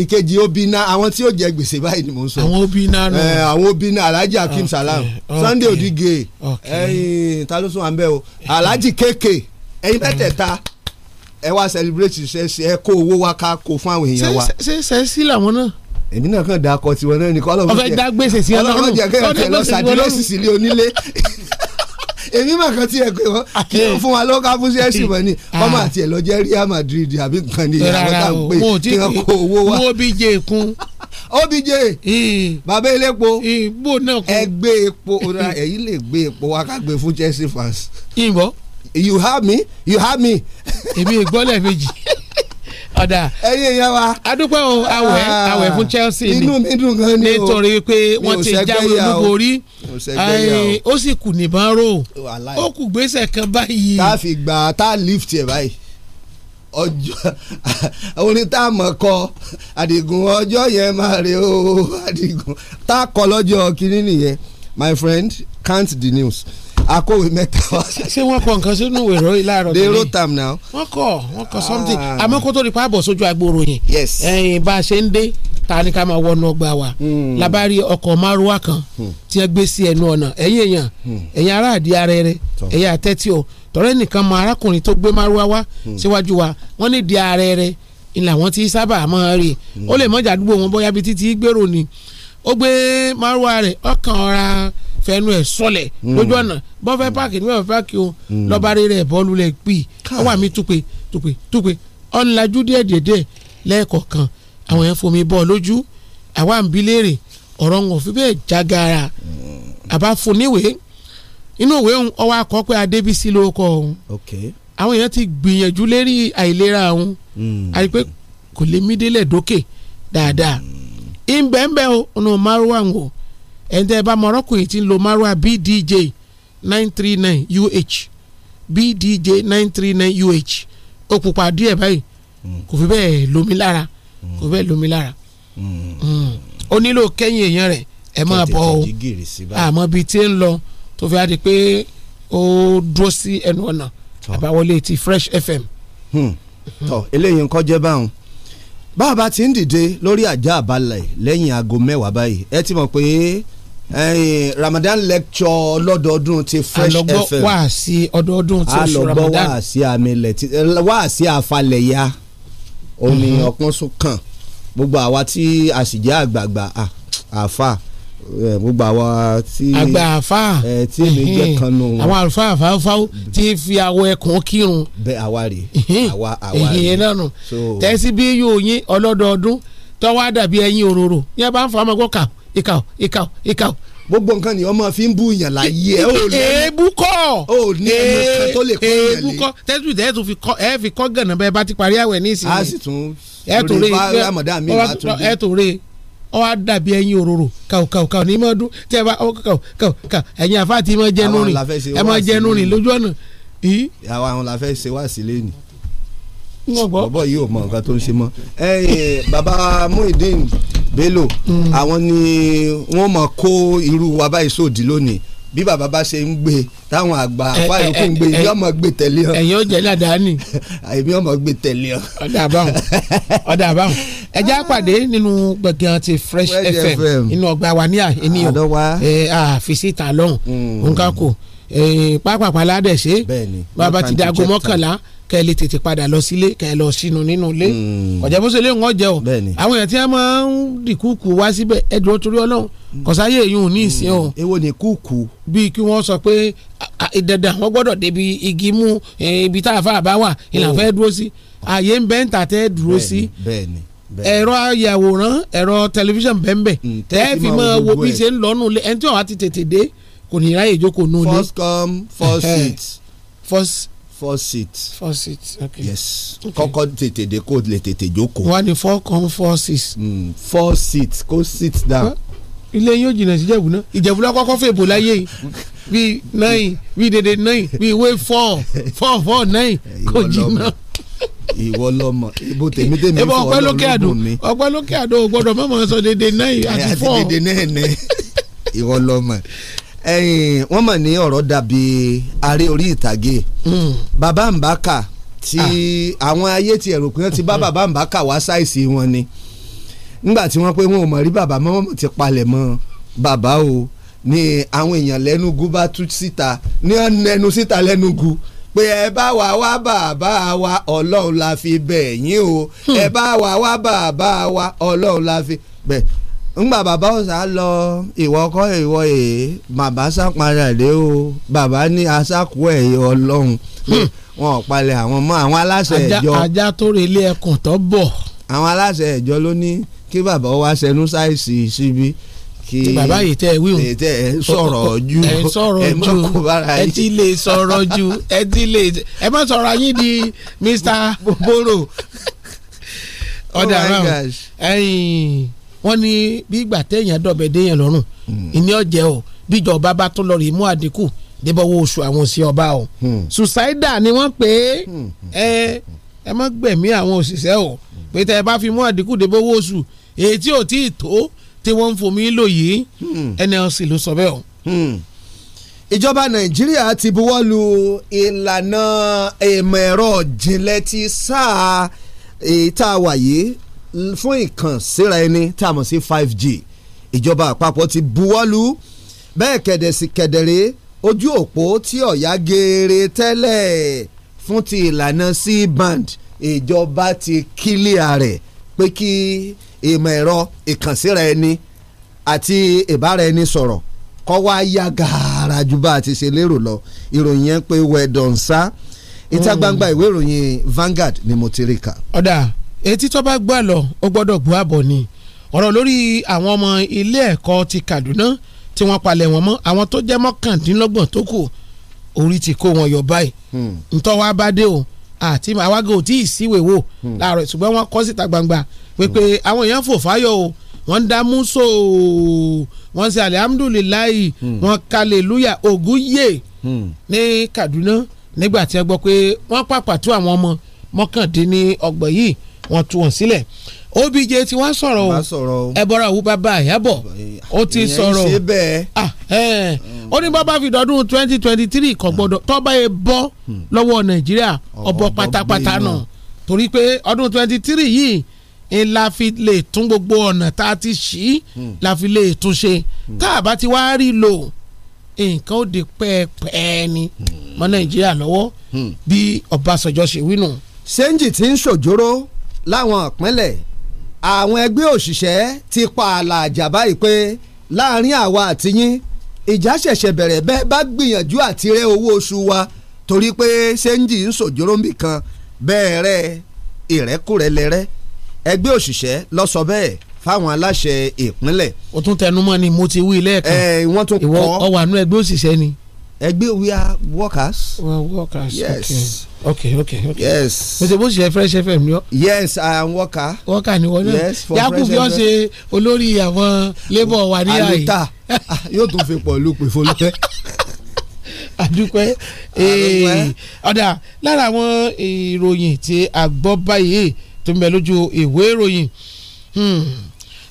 Speaker 16: ìkejì obìnrin àwọn tí yóò jẹ gbèsè báyìí ni mò ń sọ. àwọn obìnrin náà. àwọn obìnrin alhaji akeem salam sunday òdìgì ta ló sún àmbẹ́ o alhaji kéèké ẹ̀yin mẹ́tẹ̀ẹ̀ta ẹ wá celebrate ṣẹ́ṣẹ́ ẹ kó owó wá ká kó fún àwọn èèyàn wa. ṣe ṣe sí làwọn náà èmi náà kàn dá akọ tiwọn náà ni kọlọmọ jẹ ọfẹ dá jẹ kẹyàn tẹ lọ onílé èmi mà kàn tiẹ̀ pé wọ́n kí wọ́n fún wa lọ́wọ́ ká fún Chelsea mọ́ ni ah. ọmọ àti ẹ̀ lọ́jẹ́ Real Madrid àbí nǹkan ni àwọn tá à ń pè kí wọ́n kó owó wa. wo bí jẹ kun. obj eh. bàbá elépo igbó eh, náà epo èyí lè gbé epo wa ká gbé fún Chelsea fans. ìbọn. you have me you have me. èmi ìgbọ́lẹ̀ méjì. ọ̀dà ẹ̀yin ìyá wa adúpẹ́
Speaker 3: o awẹ̀ awẹ̀ ah, fún Chelsea ni inú mi dùn gan ni o nítorí pé wọ́n ti jáwé olúborí
Speaker 16: ó sì kù nìbọn ró ó kù gbèsè kan báyìí. tá a fi gbà tá a lift ẹ̀ báyìí ọjọ́ orin tá a mọ̀ kọ àdìgún ọjọ́ yẹn máa rè o àdìgún tá a kọ lọ́jọ́ kínní nìyẹn my friend count the news akọ̀wé mẹ́ta wá. ṣé wọ́n kọ nǹkan sínú ìró ìlàrọ̀ tó ní. they wrote am now.
Speaker 3: wọ́n kọ wọ́n kọ something ah.
Speaker 16: àmọ́ kó tó di pa àbọ̀ sójú agbóró yẹn. yes ẹyin
Speaker 3: bá a ṣe ń dé ta ni ká máa wọnú ọgbà wa. Hmm. labari ọkọ̀ márùwá kan hmm. tí ẹ gbé sí ẹnu ọ̀nà ẹ̀yin èèyàn hmm. ẹ̀yin ará àdí ara rẹ ẹ̀yin àtẹ́tí o tọ́rẹ́ nìkan mọ arákùnrin tó gbé márùwá wá síwájú wa wọ́n ní di ara rẹ ìlà wọn ti sábà máa rí ó lè mọ́jà àdúgbò wọn bóyá bíi títí gbèrò ni ó gbé márùwá rẹ̀ ọkàn ọ̀ra fẹnu ẹ̀ sọlẹ̀ hmm. lójú ọ̀nà bọ́fẹ́ páàkì ní bọ́fẹ́ páàkì o hmm. lọ́ba rẹ̀ bọ́ọ̀lù lẹ̀ pì ọwọ́ mi túpe túpe túpe ọ̀nlajú díẹ̀ díẹ̀ lẹ́ẹ̀kọ̀ọ̀kan àwọn yẹn fomi bọ́ lójú àwa ń bi léèrè ọ̀rọ̀ wọn fi bẹ́ẹ̀ jágara hmm. àbá fún níwèé inú òwe òun ọwọ́ akọ pé adébísí ló kọ òun àwọn èèyàn ti gbìyànjú lérí àìlera òun àìpé kò lè mí dókè dáadáa ìbẹ̀ǹbẹ̀ o ọ̀nà márùwà ń ẹ̀ńdẹ́ bá mọ̀rọ́kùnrin tí ń lo marwa bdj nine three nine uh bdj nine three nine uh ó pupa díẹ̀ báyìí hmm. kò fi bẹ́ẹ̀ lómi lára hmm. kò fi bẹ́ẹ̀ lómi lára hmm. ó nílò kẹ́yìn èèyàn rẹ̀ ẹ̀ máa bọ̀ ọ́ àmọ́ bíi tí ń lọ tó fi á pé ó dúró sí ẹnu ọ̀nà àbáwọlé
Speaker 16: ti fresh fm. tọ eléyìí nǹkan jẹ́ báwọn bá a bá ti ń dìde lórí àjà àbálẹ̀ lẹ́yìn aago mẹ́wàá báyìí ẹ ti mọ̀ pé Ramadan lecture lọ́dọọdún ti Fresh FM alọgbọ wá sí ọdọọdún ti oṣù Ramadan alọgbọ wá sí amilẹ ti wá sí afalẹ̀yà omi mhm. ọ̀pọ̀nso kan gbogbo àwa tí a sì jẹ́ àgbààgbà àfa gbogbo àwa tí àgbà àfa tí èmi jẹ́ kan nù wọn. àwọn
Speaker 3: àlùfáà àfáàfáà ti fi awọ ẹkùn kírun. bẹ́ẹ̀ àwa rè àwa àwa rè so tẹ́sí bí yóò yín ọlọ́dọọdún tọ́wọ́ dàbí ẹyin òróró yẹn bá ń fọ ọmọ gbọ́kà ìkà ìkà ìkà gbogbo nǹkan ni
Speaker 16: ọmọ fi ń bú yàn láyé ẹ ò lẹ́nu èébú kọ́ ò ní ẹnu tó lè kọ́ yàn lé èébú kọ́
Speaker 3: tẹ́tù tẹ́tù ẹ fi kọ́ gànà bẹ́ẹ̀ bá ti parí àwẹ̀ nísìnyí a sì
Speaker 16: tún lórí ramadan mi wà tún dé ẹ tó
Speaker 3: re ọ wá dàbí ẹyin òróró kàw kàw kàw ní mọ́ọ́dún tí ẹ bá ọ kàw
Speaker 16: kàw kàw ẹ̀yin àfáà tí ẹ jẹnu rìn ẹ máa jẹnu rìn lójú ọ̀nà. àwọn la fẹ́ ṣe wá sílé ni bọ́bọ́ yìí ò mọ nǹkan tó ń ṣe mọ́ bàbá Muideen Bello mm. àwọn ni wọ́n mọ̀ kó irú wa báyìí sóòdì lónìí bí bàbá bá ṣe ń gbé táwọn àgbà apá ìlúkù ń gbé èmi ọmọ gbé tẹ̀lé ọ. ẹ̀yin ó jẹ́ ládàáni. èmi ọmọ gbé tẹ̀lé ọ. ọ̀dà àbáwọn ọ̀dà àbáwọn ẹ já ah.
Speaker 3: pàdé nínú gbọ̀ngàn ti Fresh FM inú ọgbà wa ní àníyàn àfìsíta lọ́hùn
Speaker 16: mm. nǹkan
Speaker 3: kò pápákọ̀ aládẹ̀ṣe
Speaker 16: bàbá ti dàgọ́
Speaker 3: mọ́kànlá kẹ́ ẹ lè tètè padà lọ sílé kẹ́ ẹ lọ sínú nínú ilé hmm. ọ̀jẹ̀ bó ṣe lé wọn jẹ o àwọn èèyàn tí wọ́n máa ń dì kúùkù wá síbẹ̀ ẹ dúró torí ọlọ́run kọ̀sáyé èyún ní ìsìn o. Hmm. èwo ni kúùkù. bíi kí wọ́n sọ pé dandan wọ́n gbọ́dọ̀ débi igi mú ibi tá a fà bá wà ìlànà oh. fẹ́ dúró sí àyè ń bẹ́ńtà tẹ́ dúró sí. ẹ̀rọ ayàwòrán ẹ̀rọ tẹlifíṣàn bẹ́ẹ̀nbẹ́ẹ̀ hmm, tẹ́ fi máa wo bí ṣe ń
Speaker 16: lọ́nu four seats. four seats. okay. yes kọ́kọ́ tètè dé kó lè tètè jókòó. wọ́n
Speaker 3: á four come four seats? Hmm, four seats. kó sit down. ilé yóò jìnnà sí ìjẹ̀bù náà ìjẹ̀bù náà kọ́kọ́ fèbò láyé yìí bíi nine bíi dèdè nine bíi way four four four nine
Speaker 16: kò jìnnà ìwọ lọmọ ibo tèmi tèmi fọ Ọlọ́run ló bùn mi.
Speaker 3: ọpẹ lókè àdó ọgbọdọ mọmọ sọ dédé náà àti fọ.
Speaker 16: ìwọ lọmọ wọ́n mọ̀ ní ọ̀rọ̀ dàbí aré orí ìtàgé hmm. bàbá mbàkà tí ah. àwọn ayé ti ẹ̀rù pé wọ́n ti bá hmm. bàbá mbàkà wá ṣáìsì wọn ni nígbà tí wọ́n pé wọn ò mọ̀ rí bàbá mọ́ ti palẹ̀ mọ́ bàbá o ni àwọn èèyàn lẹ́nugu bá tú síta ní ẹnu síta lẹ́nugu pé ẹ bá wá wá bàbá wa ọlọ́run la fi bẹ̀ yín o hmm. ẹ bá wá wá bàbá wa ọlọ́run la fi bẹ̀ ńgbà bàbá ọ̀sà lọ ìwọ kọ́ ìwọ èé bàbá sápadà dé o bàbá ní asákú ẹ̀yẹ e, ọlọ́run hmm. wọn ò palẹ̀ àwọn mọ́ àwọn aláṣẹ ẹ̀jọ́ ajá tó relé ẹkùn tó bọ̀. àwọn aláṣẹ ẹ̀jọ́ ló ní kí bàbá wa ṣẹnu ṣàìsì síbi kí bàbá yìí tẹ wíwù tẹ ẹ sọ̀rọ̀ ju ẹ sọ̀rọ̀ ju ẹ ti lè sọ̀rọ̀ ju ẹ ti lè ẹ má sọ̀rọ̀
Speaker 3: ayín di Mr. Boro ọ̀dà oh round ẹ̀yìn wọ́n ní bí ìgbà téèyàn dọ̀bẹ̀ déèyàn lọ́rùn hmm. ìní ọ̀jẹ̀ o bíjọba bá tún lọ rí mú àdínkù débọ̀wọ́ oṣù àwọn òṣìṣẹ́ ọba o ṣùṣàìdà hmm. ni wọ́n pè é hmm. ẹ ẹ má gbẹ̀mí àwọn òṣìṣẹ́ o pé tẹ́ ẹ bá fi mú àdínkù débọ̀wọ́ oṣù èyí tí ò tí ì tó tí wọ́n ń fomi lò yìí NLC ló sọ bẹ́ẹ̀ o.
Speaker 16: ìjọba nàìjíríà ti buwọ́ lu ìlànà ìmọ̀ ẹ̀rọ jìnlẹ̀ ti sáà èyí tá a wà yìí fún ìkànsíra ẹni tá a mọ̀ sí five g ìjọba àpapọ̀ ti buwọ́lu bẹ́ẹ̀ kẹ̀dẹ̀ sí kẹ̀dẹ̀rẹ́ ojú òpó tí ọ̀yá geere tẹ́lẹ̀ fún ti ìlànà c-band ìjọba ti kílíà rẹ̀ pé kí ìmọ̀ ẹ̀rọ ìkànsíra ẹni àti ìbára ẹni sọ̀rọ̀ kọ́ wá yá gàrà ju bá a ti ṣe lérò lọ ìròyìn yẹn pé wẹ̀dọ̀nsá ìta hmm. gbangba ìwé ìròyìn Vanguard ni mo ti rí kà.
Speaker 3: ọ̀dà etí tó bá gbọ́ àlọ́ ó gbọ́dọ̀ gbọ́ àbọ̀ ni ọ̀rọ̀ lórí àwọn ọmọ ilé ẹ̀kọ́ ti Kaduna tí wọ́n palẹ̀ wọn mọ́ àwọn tó jẹ́ mọ́kàndínlọ́gbọ̀n tó kù orí ti kó wọn yọ báyìí hmm. ntọ́ wa bá dé o àti àwágò tí ì síwèé wò hmm. láàárọ̀ ṣùgbọ́n wọ́n kọ́ síta gbangba pépé hmm. àwọn èèyàn fò fáyọ̀ o wọ́n ń dá múso wọ́n ṣe alihamudulilayi wọ́n kàlélúyà ògùn yè ní Kaduna nígbà tí wọ́n gbọ́ pé wọ́n pàpàtó àwọn ọmọ mọ́kàndínlọ́gbọ̀n yìí wọ́n tú wọn sílẹ̀ obj tí wọ́n sọ̀rọ̀
Speaker 16: o
Speaker 3: ẹ̀bọ̀ra òwú bàbá ìyàbọ̀ ó ti sọ̀rọ̀ ah, ó ní bàbá fi dọdún twenty twenty three kò gbọdọ̀ tọ́ba yẹn bọ́ lọ́wọ́ nàìjíríà ọ̀bọ̀ pátápátá náà torí pé ọdún twenty three yìí ń la fi lè tún gbogbo ọ̀nà tá a ti ṣí hmm. la fi lè tún ṣe hmm. tá a bá ti wá rí lò nǹkan ó di pẹ́ẹ́pẹ́ẹ́ ni hmm. mọ́ nàìjíríà lọ́wọ́ bí
Speaker 16: ọbásanjọ́ ṣe wí nù. sẹ́ńjì ti ń ṣòjóró láwọn ìpínlẹ̀ àwọn ẹgbẹ́ òṣìṣẹ́ ti pa àlà àjà báyìí pé láàrin àwa àti yín ìjà ṣẹ̀ṣẹ̀ bẹ̀rẹ̀ bẹ́ẹ̀ bá gbìyànjú àti rẹ́ owó oṣù wa torí pé ṣéǹjì ń sòjóró níbì kan bẹ́ẹ̀ rẹ́ ìrẹ́kùrẹ́ ẹgbẹ́ òṣìṣẹ́ ló sọ bẹ́ẹ̀ fáwọn aláṣẹ ìpínlẹ̀. o tún tẹnumọ́ ni mo ti wí lẹ́ẹ̀kan ìwọ ọwọ́ àánú ẹgbẹ́ òṣìṣẹ́ ni ẹgbẹ́ we are workers. we are workers yes. okay
Speaker 3: okay okay. yes. mo ṣe bó fresh fm yọ. yes i am worker. worker ni wọn náà yes for fresh fm. yakub yọ ṣe olórí àwọn labour wa ní àyè. àlùtà yóò tún fi pọ̀ lù pé fọlọ́pẹ́. àdúpẹ́ ọ̀dà lára àwọn ìròyìn tí a gbọ́ báyìí tó ń bẹ lójú ìwé ìròyìn hmm,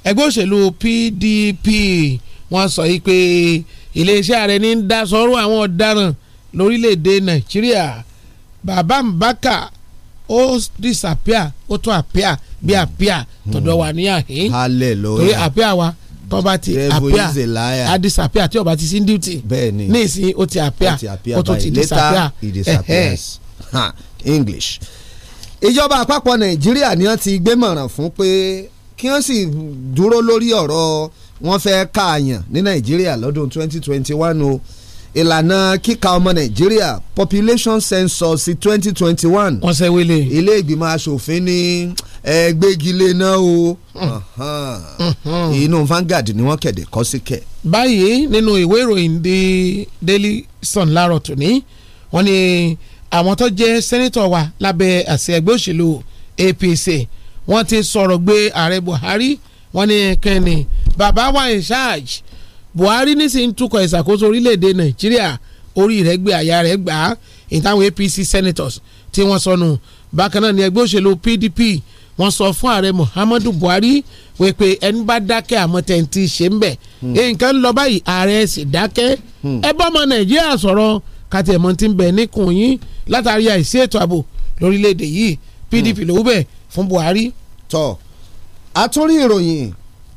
Speaker 3: ẹgbẹ́ òṣèlú pdp wọ́n sọ yìí pé iléeṣẹ́ ààrẹ ní dá sọ́rọ̀ àwọn ọ̀daràn lórílẹ̀‐èdè nàìjíríà bàbá mbàkà ó disappear ó tún appear bí appear tọ̀dọ̀ wà ní àhín hmm. torí appear wa tó bá ti appear a disappear tí ó bá ti sí duty
Speaker 16: ní ó ti appear ó tún ti disappear English ìjọba àpapọ̀ nàìjíríà ni wọ́n ti gbé mọ̀ràn fún pé kí wọ́n sì dúró lórí ọ̀rọ̀ wọ́n fẹ́ káàyàn ní nàìjíríà lọ́dún 2021 o ìlànà kíka ọmọ nàìjíríà population census 2021. wọ́n ṣe wele. ilé ìgbìmọ̀ asòfin ní ẹgbẹ́gilé náà o. Hmm. Hmm. inú vangard ni wọ́n kéde kọ́ sí kẹ̀. báyìí nínú ìwé ìròyìn
Speaker 3: the daily sun láàárọ̀ tòní wọ́n ní àwọn tó jẹ́ sẹ́nitọ̀ wa lábẹ́ àṣẹ ẹgbẹ́ òṣèlú APC wọ́n ti sọ̀rọ̀ gbé ààrẹ Buhari wọ́n ní kẹ́ni bàbá wà in charge Buhari nísìnyí túkọ̀ ìṣàkóso orílẹ̀-èdè Nàìjíríà orí rẹ̀ gbé àyà rẹ̀ gbà á ìtàwọn APC senators tí wọ́n sọnù bákan náà ni ẹgbẹ́ òṣèlú PDP wọ́n sọ fún ààrẹ Muhammadu Buhari wípé ẹni bá dákẹ́ àmọ́tẹ́ntì ṣe ń bẹ̀ hmm. nǹkan lọ báyìí ààrẹ sì dákẹ́ hmm. ẹ bá ọmọ Nàìjíríà sọ̀rọ̀ kàtí ẹ̀mọ́ ti ń bẹ̀ níkùn yín látàrí àìsí ètò ààbò
Speaker 16: lórílẹ̀‐èdè yìí PDP ló wú bẹ̀ fún Buhari. tọ́ àtúnrí ìròyìn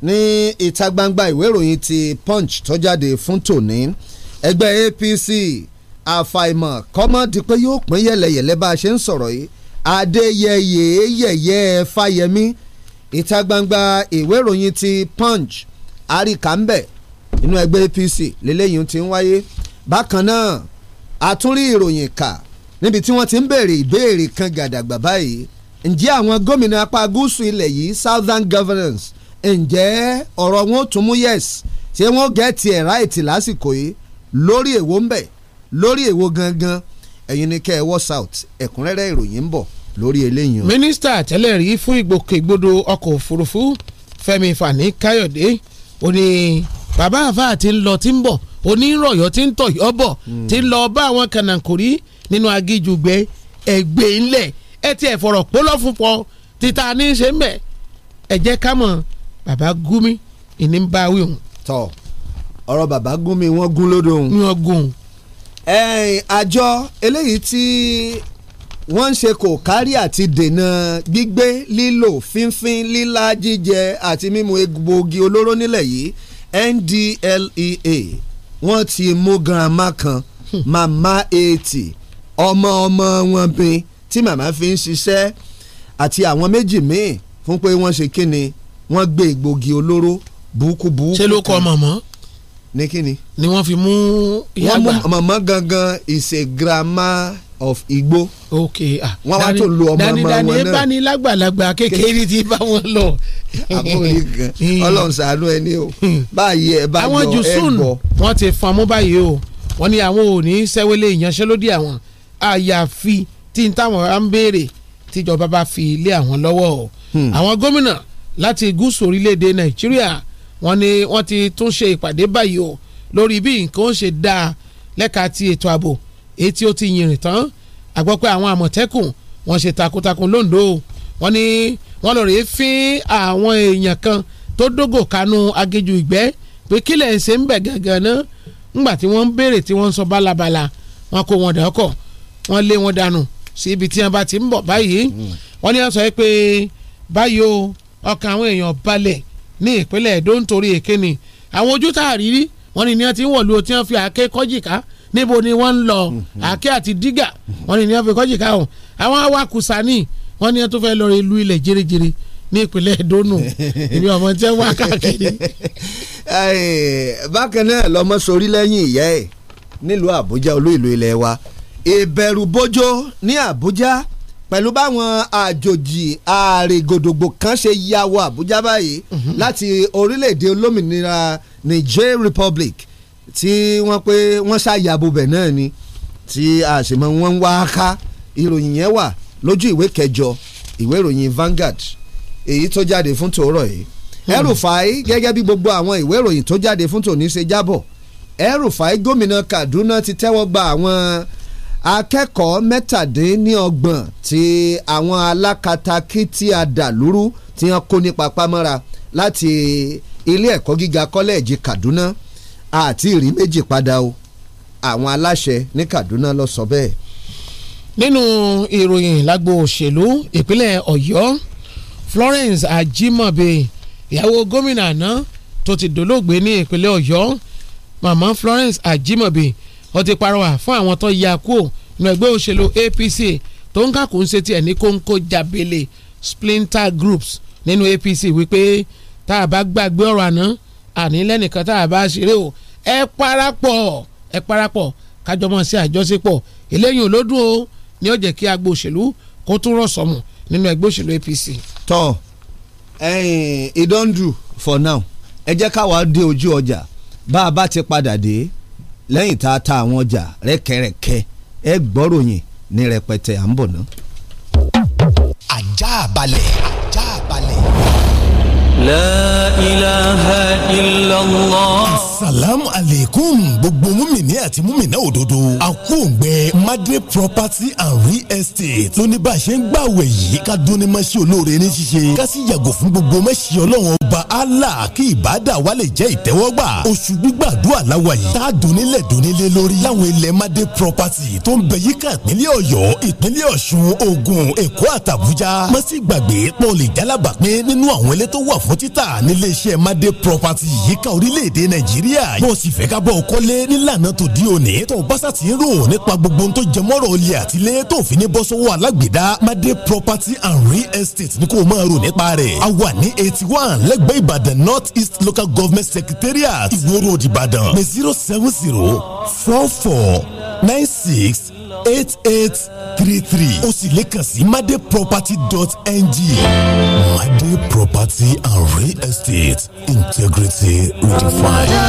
Speaker 16: ní ìta gbangba ìwé ìròyìn ti punch tó jáde fún tòní ẹgbẹ́ APC àfàìmọ̀ kọ́mọ́ di pé yóò pín yẹ̀lẹ̀yẹ̀lẹ̀ bá a ṣe ń sọ̀rọ̀ yìí adéyẹyẹ yẹ̀yẹ́ fáyẹmí ìta gbangba ìwé ìròyìn ti punch àríkàmbẹ̀ inú ẹgbẹ́ APC lélẹ́yìn tí ń wáyé bákan náà àtúnrí ìròyìn kà níbi tí wọ́n ti ń béèrè ìbéèrè kan gàdàgbà báyìí ǹjẹ́ àwọn gómìnà apá gúúsù ilẹ̀ yìí southern governance ǹjẹ́ ọ̀rọ̀ wọn ò tún mú yes ṣé wọ́n gẹ̀ẹ́tì ẹ̀ ráìtì lásìkò yìí lórí èwo ń bẹ lórí èwo gangan ẹ̀yin ni kẹ́ ẹ wọ́ south ẹ̀kúnrẹ́rẹ́ ìròyìn ń bọ̀ lórí eléyìí.
Speaker 3: mínísítà tẹ́lẹ̀ rí fún ìgbòkègbodò ọkọ̀ òfurufú Fẹ́mi Fani Káyọ̀dé ó ní bàbá àfáà ti ń lọ ti ń bọ̀ onírọ̀yọ́ ti ń tọ̀yọ́ bọ̀ ti ń lọ bá àwọn kànáńkòrí nínú agíjùgbẹ́ ẹgbẹ́ ńlẹ̀ ẹ ti ẹ̀ fọ̀rọ̀ pólọ́ fún pọ̀ títa ní í ṣe ń bẹ̀ ẹ jẹ́ ká mọ̀
Speaker 16: bàbá gúnmi ìní ń bá wí òun. tọ ọ̀rọ̀ bàbá gúnmi wọ́n gún lódò òun. wọ́n gún un. àjọ eléyìí tí wọ́n ń ṣe kò kárí àti dènà gbígbé lílò fínfín lílá jíjẹ àti mímu egbògi olóró nílẹ̀ yìí NDLEA wọ́n ti mú grandma kan hmm. màmá eighty ọmọ ọmọ wọn bíi tí màmá fi ń ṣiṣẹ́ àti àwọn méjì míì fún pé wọ́n ṣe kíni wọ́n gbé egbògi olóró burúkú burúkú. ṣé ló kọ mọ̀mọ́. ní kíni. ni wọ́n fi mú ìyá àgbà. wọ́n mú mọ̀mọ́ gangan is a grammar of Igbo. ok ah wọ́n wá tó lo ọmọ ọmọ wọn náà. dani dani bani
Speaker 3: lágbàlagbà kékeré ti bá wọn lọ. àbúrò
Speaker 16: gan hmm. Ọlọ́run ṣàánú ẹni o hmm. báyìí ẹ bá lọ ẹ gbọ́. àwọn jùsùn
Speaker 3: wọ́n ti fọn mú báyìí o wọ́n ní àwọn ò ní sẹ́wélé ìyanṣẹ́lódì àwọn àyàfi tí n táwọn á ń béèrè tíjọba bá fi lé àwọn lọ́wọ́ o hmm. àwọn gómìnà láti gúúsù orílẹ̀-èdè nàìjíríà wọ́n ní wọ́n ti tún ṣe ìpàdé báyìí o lórí bí nǹkan ó ṣe dáa lẹ́ka ti ètò ààbò èyí tí ó ti yìnrìn tán àgbọ́ pé àwọn àmọ̀tẹ́kùn wọ́n ṣe takuntakun lóńdó wọ́n ní wọ́n lọ rèé fín àwọn èèyàn kan tó dógò kanú agéjú ìgbẹ́ pé kílẹ̀ ń ṣe ń bẹ̀ gangan náà ńgbà tí wọ́n ń béèrè tí wọ́n ń sọ bálabàla wọ́n kó wọn dà ọkọ̀ wọ́n lé wọn dànù sí ibi tí wọn bá ti ń bọ̀ báyìí wọ́n ní wọ́n sọ pé báyìí o ọkàn àwọn èèyàn balẹ̀ ní ìpínlẹ̀ Èdó nítorí èké ni àwọn ojú tá a rí rí wọ́n ní ní wọ́n ti ń wọ̀lú o tí wọ́n fi àáké kọ́jìká níbo ni wọ́n ń lọ àáké àti dígà wọ́n ní ní wọ́n fi kọ́jìká hàn àwọn awakùsà ni wọ́n ní wọ́n tó fẹ́ lọ rí ìlú ilẹ̀ jèrèjèrè ní ìpínlẹ̀ Èdó nù ìbí ọmọ tí wá káàkiri.
Speaker 16: bákan náà lọmọ sorí lẹ́yìn ìyá ẹ̀ nílùú Àbújá olú ìlú ilẹ̀ wa ìbẹ̀rùbojo ní Àbújá pẹ̀lú báwọn àjòjì àrègòdògbò kan ṣe ya wọ Àbújá báyìí mhm. láti orílẹ̀-èdè olómìnira Niger Republic tí wọ́n pé wọ́n ṣàyàbò náà ni tí àṣemọ wọn ń wá ká ìròyìn yẹn wà lójú ìwé kẹjọ ìwé ìròyìn Vanguard èyí tó jáde fún tòórọ̀ yìí hmm. El-Rufai gẹ́gẹ́ bí gbogbo àwọn ìwé ìròyìn tó jáde fún tòní ṣe jábọ̀ El-Rufai gómìnà Kaduna ti tẹ́wọ́ gba àwọn akẹ́kọ̀ọ́ mẹ́tàdínníọgbọ̀n tí àwọn alákatakítí adàlúrú tí wọ́n kó nípa pamọ́ra láti ilé ẹ̀kọ́ gíga kọ́lẹ́ẹ̀jì Kaduna àti ìrí méjì padà o àwọn aláṣẹ ní Kaduna ló sọ bẹ́ẹ̀. nínú ìròyìn
Speaker 3: lágbo òṣèlú ìpínlẹ̀ Ọ̀yọ́ Florence Ajimobi ìyàwó gómìnà àná tó ti dolóògbé ní ìpínlẹ̀ Ọ̀yọ́ màmá Florence Ajimobi ó ti parọ́wà fún àwọn tó ya kúò nínú ẹgbẹ́ òṣèlú APC tó ń kàkó ń ṣe tiẹ̀ ní kóńkó jabele splinter groups nínú APC wípé tá a bá gbàgbé ọ̀rọ̀ àná àní lẹ́nìkan tá a bá ṣeré o ẹ parapọ̀ ẹ parapọ̀ kájọmọ́ sí àjọṣepọ̀ eléyìí ò lódún o ní ó kí agbo òṣèlú
Speaker 16: kó tún rọ̀ sọ̀mù nínú ẹgbẹ́ òṣèlú APC. tọ́ ẹ̀yìn it for now ẹ jẹ́ káwa dé ojú ọjà bá a bá ti padà dé lẹ́yìn tá a ta àwọn ọjà rẹ́kẹrẹ́kẹ ẹ gbọ́ròyìn ní rẹpẹtẹ à ń bọ̀ ná.
Speaker 8: ajá balẹ̀ ajá balẹ̀. La
Speaker 13: ilaha
Speaker 14: illallah salamu aleykum gbogbo múmìnì àti múmìnà òdodo àkóògbẹ madre property and real estate tó ní bá a ṣe ń gbàwẹ̀ yìí ká dúnni máa ṣe olóore ní ṣíṣe ká sì yàgò fún gbogbo mẹ́sì ọlọ́run ọba allah kí ìbádà wa lè jẹ́ ìtẹ́wọ́gbà oṣù gbígbàdúrà láwa yìí tá a dunilẹ̀ dunilẹ̀ lórí láwọn ilẹ̀ madre property tó ń bẹ yíká ìpínlẹ̀ ọ̀yọ́ ìpínlẹ̀ ọ̀ṣun ògùn èkó àtàbújá má sì gbàgbé pọ́ọ̀lì jálábàpín nínú àwọn ilé tó wà fún títà nílé iṣẹ́ madre property yíká orílẹ̀-èdè nàìjíríà bó o sì fẹ́ ká bọ̀ kọ́lé nílànà tó di òní tó bá sàtì ń rò nípa gbogbo ohun tó jẹ mọ́rọ̀ olè àtìlẹ́ tó fi ní bọ́ sọ́wọ́ alágbèédá Property and Real Estate ní kò máa rò nípa rẹ̀ a wà ní eighty one lẹ́gbẹ̀ẹ́ Ìbàdàn North East Local Government Secretariat Ìwó Ìbàdàn ní zero seven zero four four nine six eight eight three three o sì lè kàn sí madeproperty.ng Made Property and Real Estate Integrity Redefined.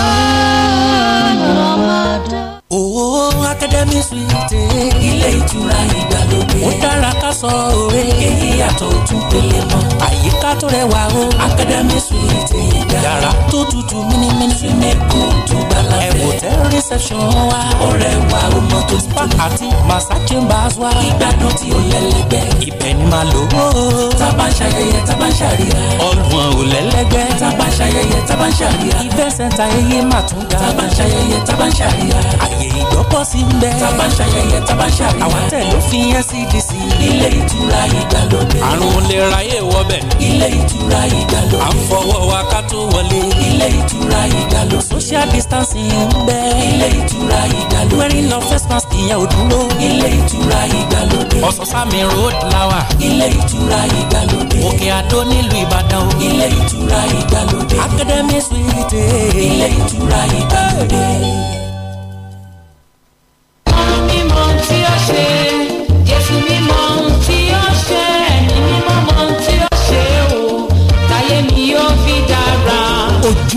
Speaker 7: Owó oh, Akademi Suite. Ilé ìtura ìgbàlódé.
Speaker 13: Ó dára
Speaker 3: ká
Speaker 7: sọ òwe. èyí yàtọ̀ ojú pele mọ́. àyíká tó rẹwà o. academy suite ìgbà. yàrá tó tutù mímímí. sinimu tó gbala fẹ́. ẹ̀wò reception wa. ọ̀rẹ́ wa o mọ tó tutù. spa àti massa chambers wa. ìgbádùn tí o lẹ́lẹ́gbẹ́. ibẹ̀ ni màá lò ó. tábà ń ṣayẹyẹ tábà ń ṣàríyá. ọgbọ̀n ò lẹ́lẹ́gbẹ́. tábà ń ṣayẹyẹ tábà ń ṣàríyá.
Speaker 11: ìfẹ́ sẹ́ńtà ẹyẹ mà tún ga. tábà ń
Speaker 7: ṣayẹyẹ tábà ń ṣàríyá. àyè ìgbọ́pọ̀ sí ń bẹ. tábà ń ṣayẹyẹ tábà ń ṣàríyá. àwọn tẹ̀ ló fi NCDC. ilé ilé ìtura ìgbàlódé. àrùn lè ráyè wọbẹ̀. ilé ìtura ìgbàlódé. à ń fọwọ́ wa ká tó wọlé. ilé ìtura ìgbàlódé. social distancing ń bẹ. ilé ìtura ìgbàlódé. wearing no first mask ìyẹn ò dúró. ilé ìtura ìgbàlódé. ọ̀sánsámi road lawa. ilé ìtura ìgbàlódé. òkè àdó nílùú ìbàdàn o. ilé ìtura ìgbàlódé. academy suite. ilé ìtura ìgbàlódé.
Speaker 4: ọmọ mímọ tí ó ṣe é.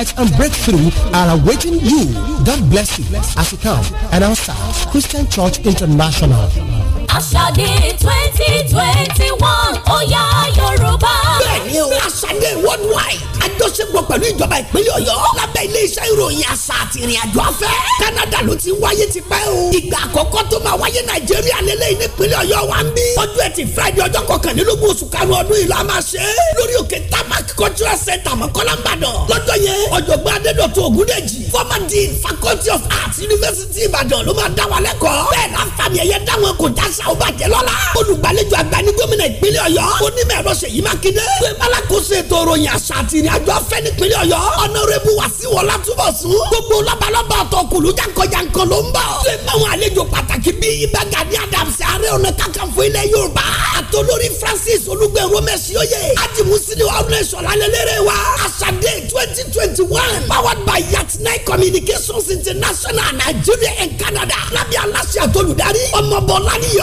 Speaker 8: insights and breakthrough are awaiting you. God bless you as you come and outside Christian Church International.
Speaker 15: àṣàdé twenty twenty one ó yá yorùbá. bẹ́ẹ̀ni o àṣàdé worldwide àjọṣepọ̀ pẹ̀lú ìjọba ìpínlẹ̀ ọ̀yọ́ lábẹ́ iléeṣẹ́ ìròyìn àṣà àti ìrìn àjò afẹ́ canada ló ti wáyé ti pẹ́ o ìgbà àkọ́kọ́ tó máa wáyé nàìjíríà lélẹ́yìn nípínlẹ̀ ọ̀yọ́ wa ń bí ọjọ́ ẹtì friday ọjọ́ kọkànlélógún oṣù karùn-ún ọdún yìí la máa ṣe é lórí òkè tamak cultural center mọ̀kọ́lá ìbàdàn lọ́jọ́ yẹn ọ̀jọ̀gbọ́n adédọ̀tun ògúndèjì former dean faculty of arts university ìbàdàn ló máa dá wa lẹ́kọ̀ọ́ bẹ́ẹ̀ láǹfààní ẹ̀yẹ dáwọn kò dáṣ àṣà ò bàjẹ́ lọ́la. olùgbàlejò àgbà ní gómìnà ìpínlẹ̀ ọ̀yọ́. onímọ̀ ẹ̀rọ ṣèyí mákindé. gbẹ̀mí alákòóso ètò òròyìn àṣà àti ìrìn àjò afẹ́ nípínlẹ̀ ọ̀yọ́. ọ̀nàrẹ́bù wàsíù ọlátúbọ̀sún. gbogbo lọ́balọ́ba ọ̀tọ̀kùlú jankan ló ń bọ̀. gbẹ̀mí àwọn àlejò pàtàkì bíi Ìbà Adams ààrẹ ọ̀nà kakanfò ilẹ̀ yorùbá. àtolórí Francis olùgbé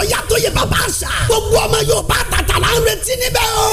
Speaker 15: ìsọ̀yà tó yẹ bàbá àṣà gbogbo ọmọ Yorùbá àtàtà là ń retí níbẹ̀ o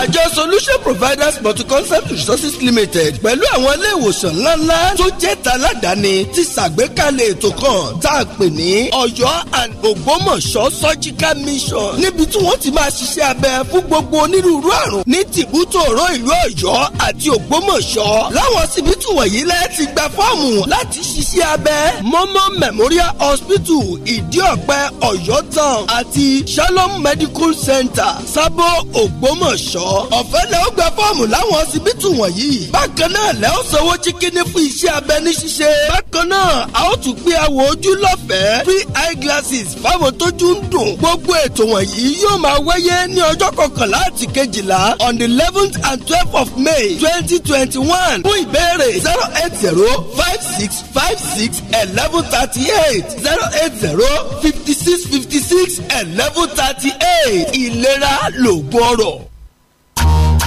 Speaker 12: àjọ solution providers multi-concept resources limited pẹ̀lú àwọn ilé ìwòsàn ńláńlá tó jẹ́ taládàáni ti ṣàgbékalẹ̀ ètò kan tá a pè ní ọ̀yọ́ and ògbómọ̀ṣọ́ surgical mission níbi tí wọ́n ti máa ṣiṣẹ́ abẹ fún gbogbo onírúurú àrùn ní tìbútòrò ìlú ọ̀yọ́ àti ògbómọ̀ṣọ́ láwọn síbítù wọ̀nyí lẹ́ ti gba fọ́ọ̀mù láti ṣiṣẹ́ abẹ mọ́mọ́ memorial hospital ìdí ọ̀pẹ ọ̀yọ́ town àti shalom medical center sábó ògbómọ̀ Ògbómọ̀ṣọ́ ọ̀fẹ́ lẹ ó gba fọ́ọ̀mù láwọn ọsibítù wọ̀nyí bákan náà lẹ ó sanwó chikini fún iṣẹ́ abẹ ní ṣíṣe bákan náà a ó tún pé awò ojú lọ́fẹ̀ẹ́ free eye glasses fáwọn tójú ń dùn gbogbo ètò wọ̀nyí yóò máa wáyé ní ọjọ́ kọkànlá àti kejìlá on the eleventh and twelfth of May twenty twenty one fún ìbéèrè zero eight zero five six five six eleven thirty eight zero eight zero fifty six fifty six eleven thirty eight ìlera lògbọ́rọ̀.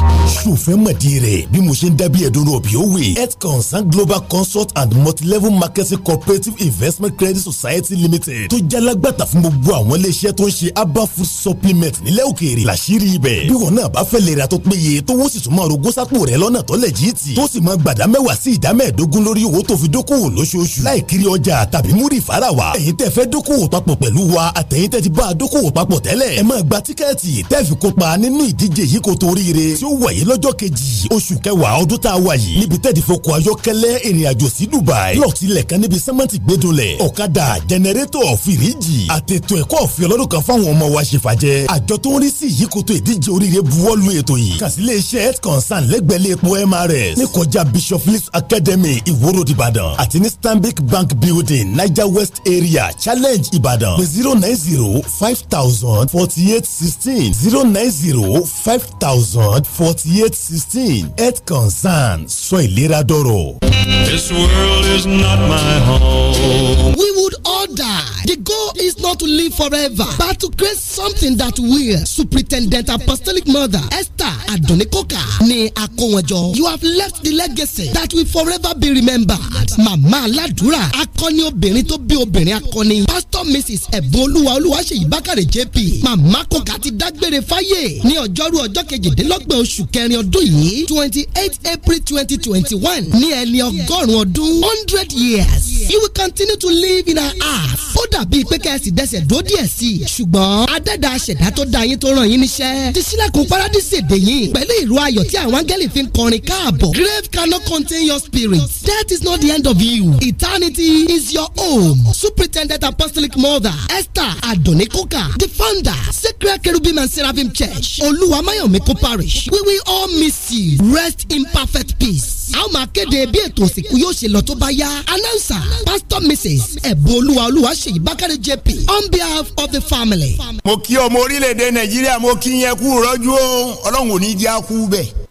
Speaker 14: Thank you. ṣòfẹ́ mọ̀dí rẹ̀ bí mo ṣe ń dábìí ẹ̀dùnrún òbí ó wè health consult global consult and multilevel marketing cooperative investment credit society limited tó jalagbàtà fún gbogbo àwọn iléeṣẹ́ tó ń ṣe herbal food supplement nílẹ̀ òkèèrè làṣírí ibẹ̀ bí wọn náà bá fẹ́ lè ra tó péye tó wọ́n sì tún máa rogó sápò rẹ̀ lọ́nà tó lẹ̀ jí tì tó sì máa gbàdá mẹ́wàá sí ìdá mẹ́ẹ̀ẹ́dógún lórí owó tó fi dókòwò lóṣooṣù láìkiri ọjà tàbí múrì fara wa ẹ̀yin tẹ́ fẹ́ dókòwò papọ̀ pẹ̀lú wa àtẹ̀yin tẹ́ ti bá a dókòwò papọ̀ tẹ́lẹ̀ ẹ máa gba tíkẹ́ẹ̀tì tẹ́ fi kópa nínú ìdíje yìí kó toríire tí ó wáyé pàdé lọ́jọ́ kejì oṣù kẹwàá ọdún tá a wà yìí níbi tẹ́ẹ̀dì fọkọ̀ ayọ́kẹ́lẹ́ ìrìnàjò sí Dubai lọ́ọ̀tì lẹ̀kan níbi sẹ́mẹ́ǹtì gbẹdọ̀lẹ̀ ọ̀kadà jẹnẹrétọ̀ fìríjì àtẹ̀tọ̀ ẹ̀kọ́ ọ̀fìn ọlọ́dún kan fáwọn ọmọ wa ṣèfàjẹ́ àjọ tó ń rí sí ìyíkoto ìdíje oríire buwọ́lu ètò yìí kàsílẹ̀ iṣẹ́ health concern lẹ́gbẹ̀lẹ́ epo MRS ní kọjá Bishop Phillips Academy ìwòrò Ìbàdàn àti ní Stanbic Bank Building Niger West Area Challenge Ìbàdàn pé zero nine zero five thousand forty eight sixteen zero nine zero five thousand forty eight sixteen health concern sọ ìlera dọ̀rọ̀. this
Speaker 2: world is not
Speaker 14: my home.
Speaker 2: we
Speaker 8: would all die. the goal is not to live forever but to create something that will. superintendent apostolic mother esther adonikoka ni akówọ́njọ. you have left the legacy that will forever be remembered. Mama aládùúrà akọni obìnrin tó bí obìnrin akọni. pastor mrs ẹ̀bùn olúwa olúwa ṣèyí bákàrẹ̀ jp. màmá kòkà ti dágbére fáyé ní ọjọ́rú ọjọ́ kejìdínlọ́gbọ̀n oṣù kẹrin ọdún yìí twenty eight april twenty twenty one ní ẹni ọgọ́rùn-ún ọdún hundred years you will continue to live in our hearts. ó dàbí pé kẹ́sì dẹsẹ̀ dó díẹ̀ sí i ṣùgbọ́n adẹ́dà aṣẹ̀dá tó dá yín tó ràn yín níṣẹ́ ti sílẹ̀kùn paradíṣì èdè yín pẹ̀lú ìró ayọ̀ tí àwọn áńgẹ́lì fi ń kọrin káàbọ̀ grave cannot contain your spirit death is not the end of you eternity is your home superintendent apostolic mother esther adonikoka the founder sacred kerubim and seraphim church olúwa mayomi parish we will all mysteries rest in perfect peace. a ó máa kéde bí ètò òsìnkú yóò ṣe lọ tó bá yá. announcer pastor mrs ẹ̀bùn olúwa ṣèyí bákàrẹ̀ jp on behalf of the family. mo kí ọmọ orílẹ̀-èdè nàìjíríà mo kí yẹn kú rọ́jú o ọlọ́run ò ní
Speaker 12: jẹ́ àkú bẹ́ẹ̀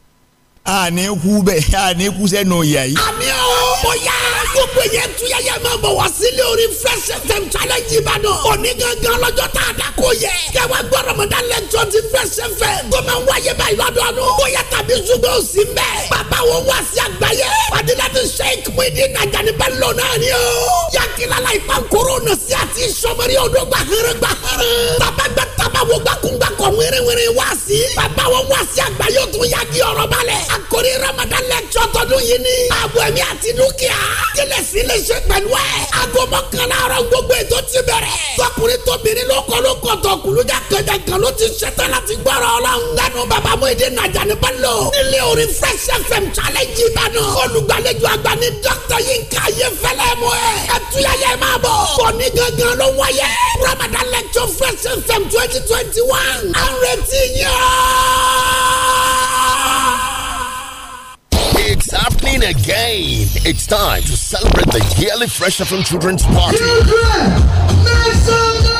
Speaker 12: àní kú bẹ́ẹ̀ àní kú sẹ́nu ìyá yìí. àní o mo yá gbogbo yẹn tún yẹyẹ máa bọ̀ wá sílé
Speaker 15: orí fresh fm challenge ìbàdàn òní gangan lọ́jọ́ tá a dà kó yẹ. kẹwà gbọ́ ramadan lecture ti fresh fm gómà ń wáyé báyìí lọ́dọọdún bóyá tàbí ṣùgbọ́n ò sí mbẹ́. bàbá wo wá sí àgbáyé fadilati sheik muhidin najani bẹ́ẹ̀ lọ náà ni o. yakilala ìpankoro nà sí àti sọmọrí odò gbàhẹrẹ gbàhẹrẹ. tàbá gbàtà máa wo gbàkúngbàkọ̀ wẹ́rẹ́wẹ́rẹ́ wá sí. bàbá wọn wá sí àgbà yóò tún yagi ọ̀rọ̀ balẹ̀. àkòrí ramadan lẹ́kṣọ̀ tọdún yìí ni. ààbò ẹ̀mí àti dúkìá. kílẹ̀ sí lè ṣe pẹ̀lú ẹ̀. aago mọ́kànlá ọ̀rọ̀ gbogbo ètò ti bẹ̀rẹ̀. tọkùnrin tóbìnrin ló kọ́ ló kọ́ tọ kùlùjà kẹjà kan ló ti ṣetán láti gbọ́rọ̀ ọlọ́run. lẹ́nu bàbá mo èdè nàjà ní balo. nílé orí fresh fm challenge ìbàdàn. olùgbàlejò àgbà ni dókítà yínká yé fẹlẹ́ mọ́ ẹ̀. ẹtúyàyẹ máa bọ̀. bọ̀ ní gangan ló wáyé. ramadan lẹ́kṣọ̀ fresh fm twenty twenty one. a ń
Speaker 5: It's happening again. It's time to celebrate the yearly Fresh from Children's Party. Children, make some noise.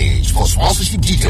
Speaker 5: page for sponsorship details.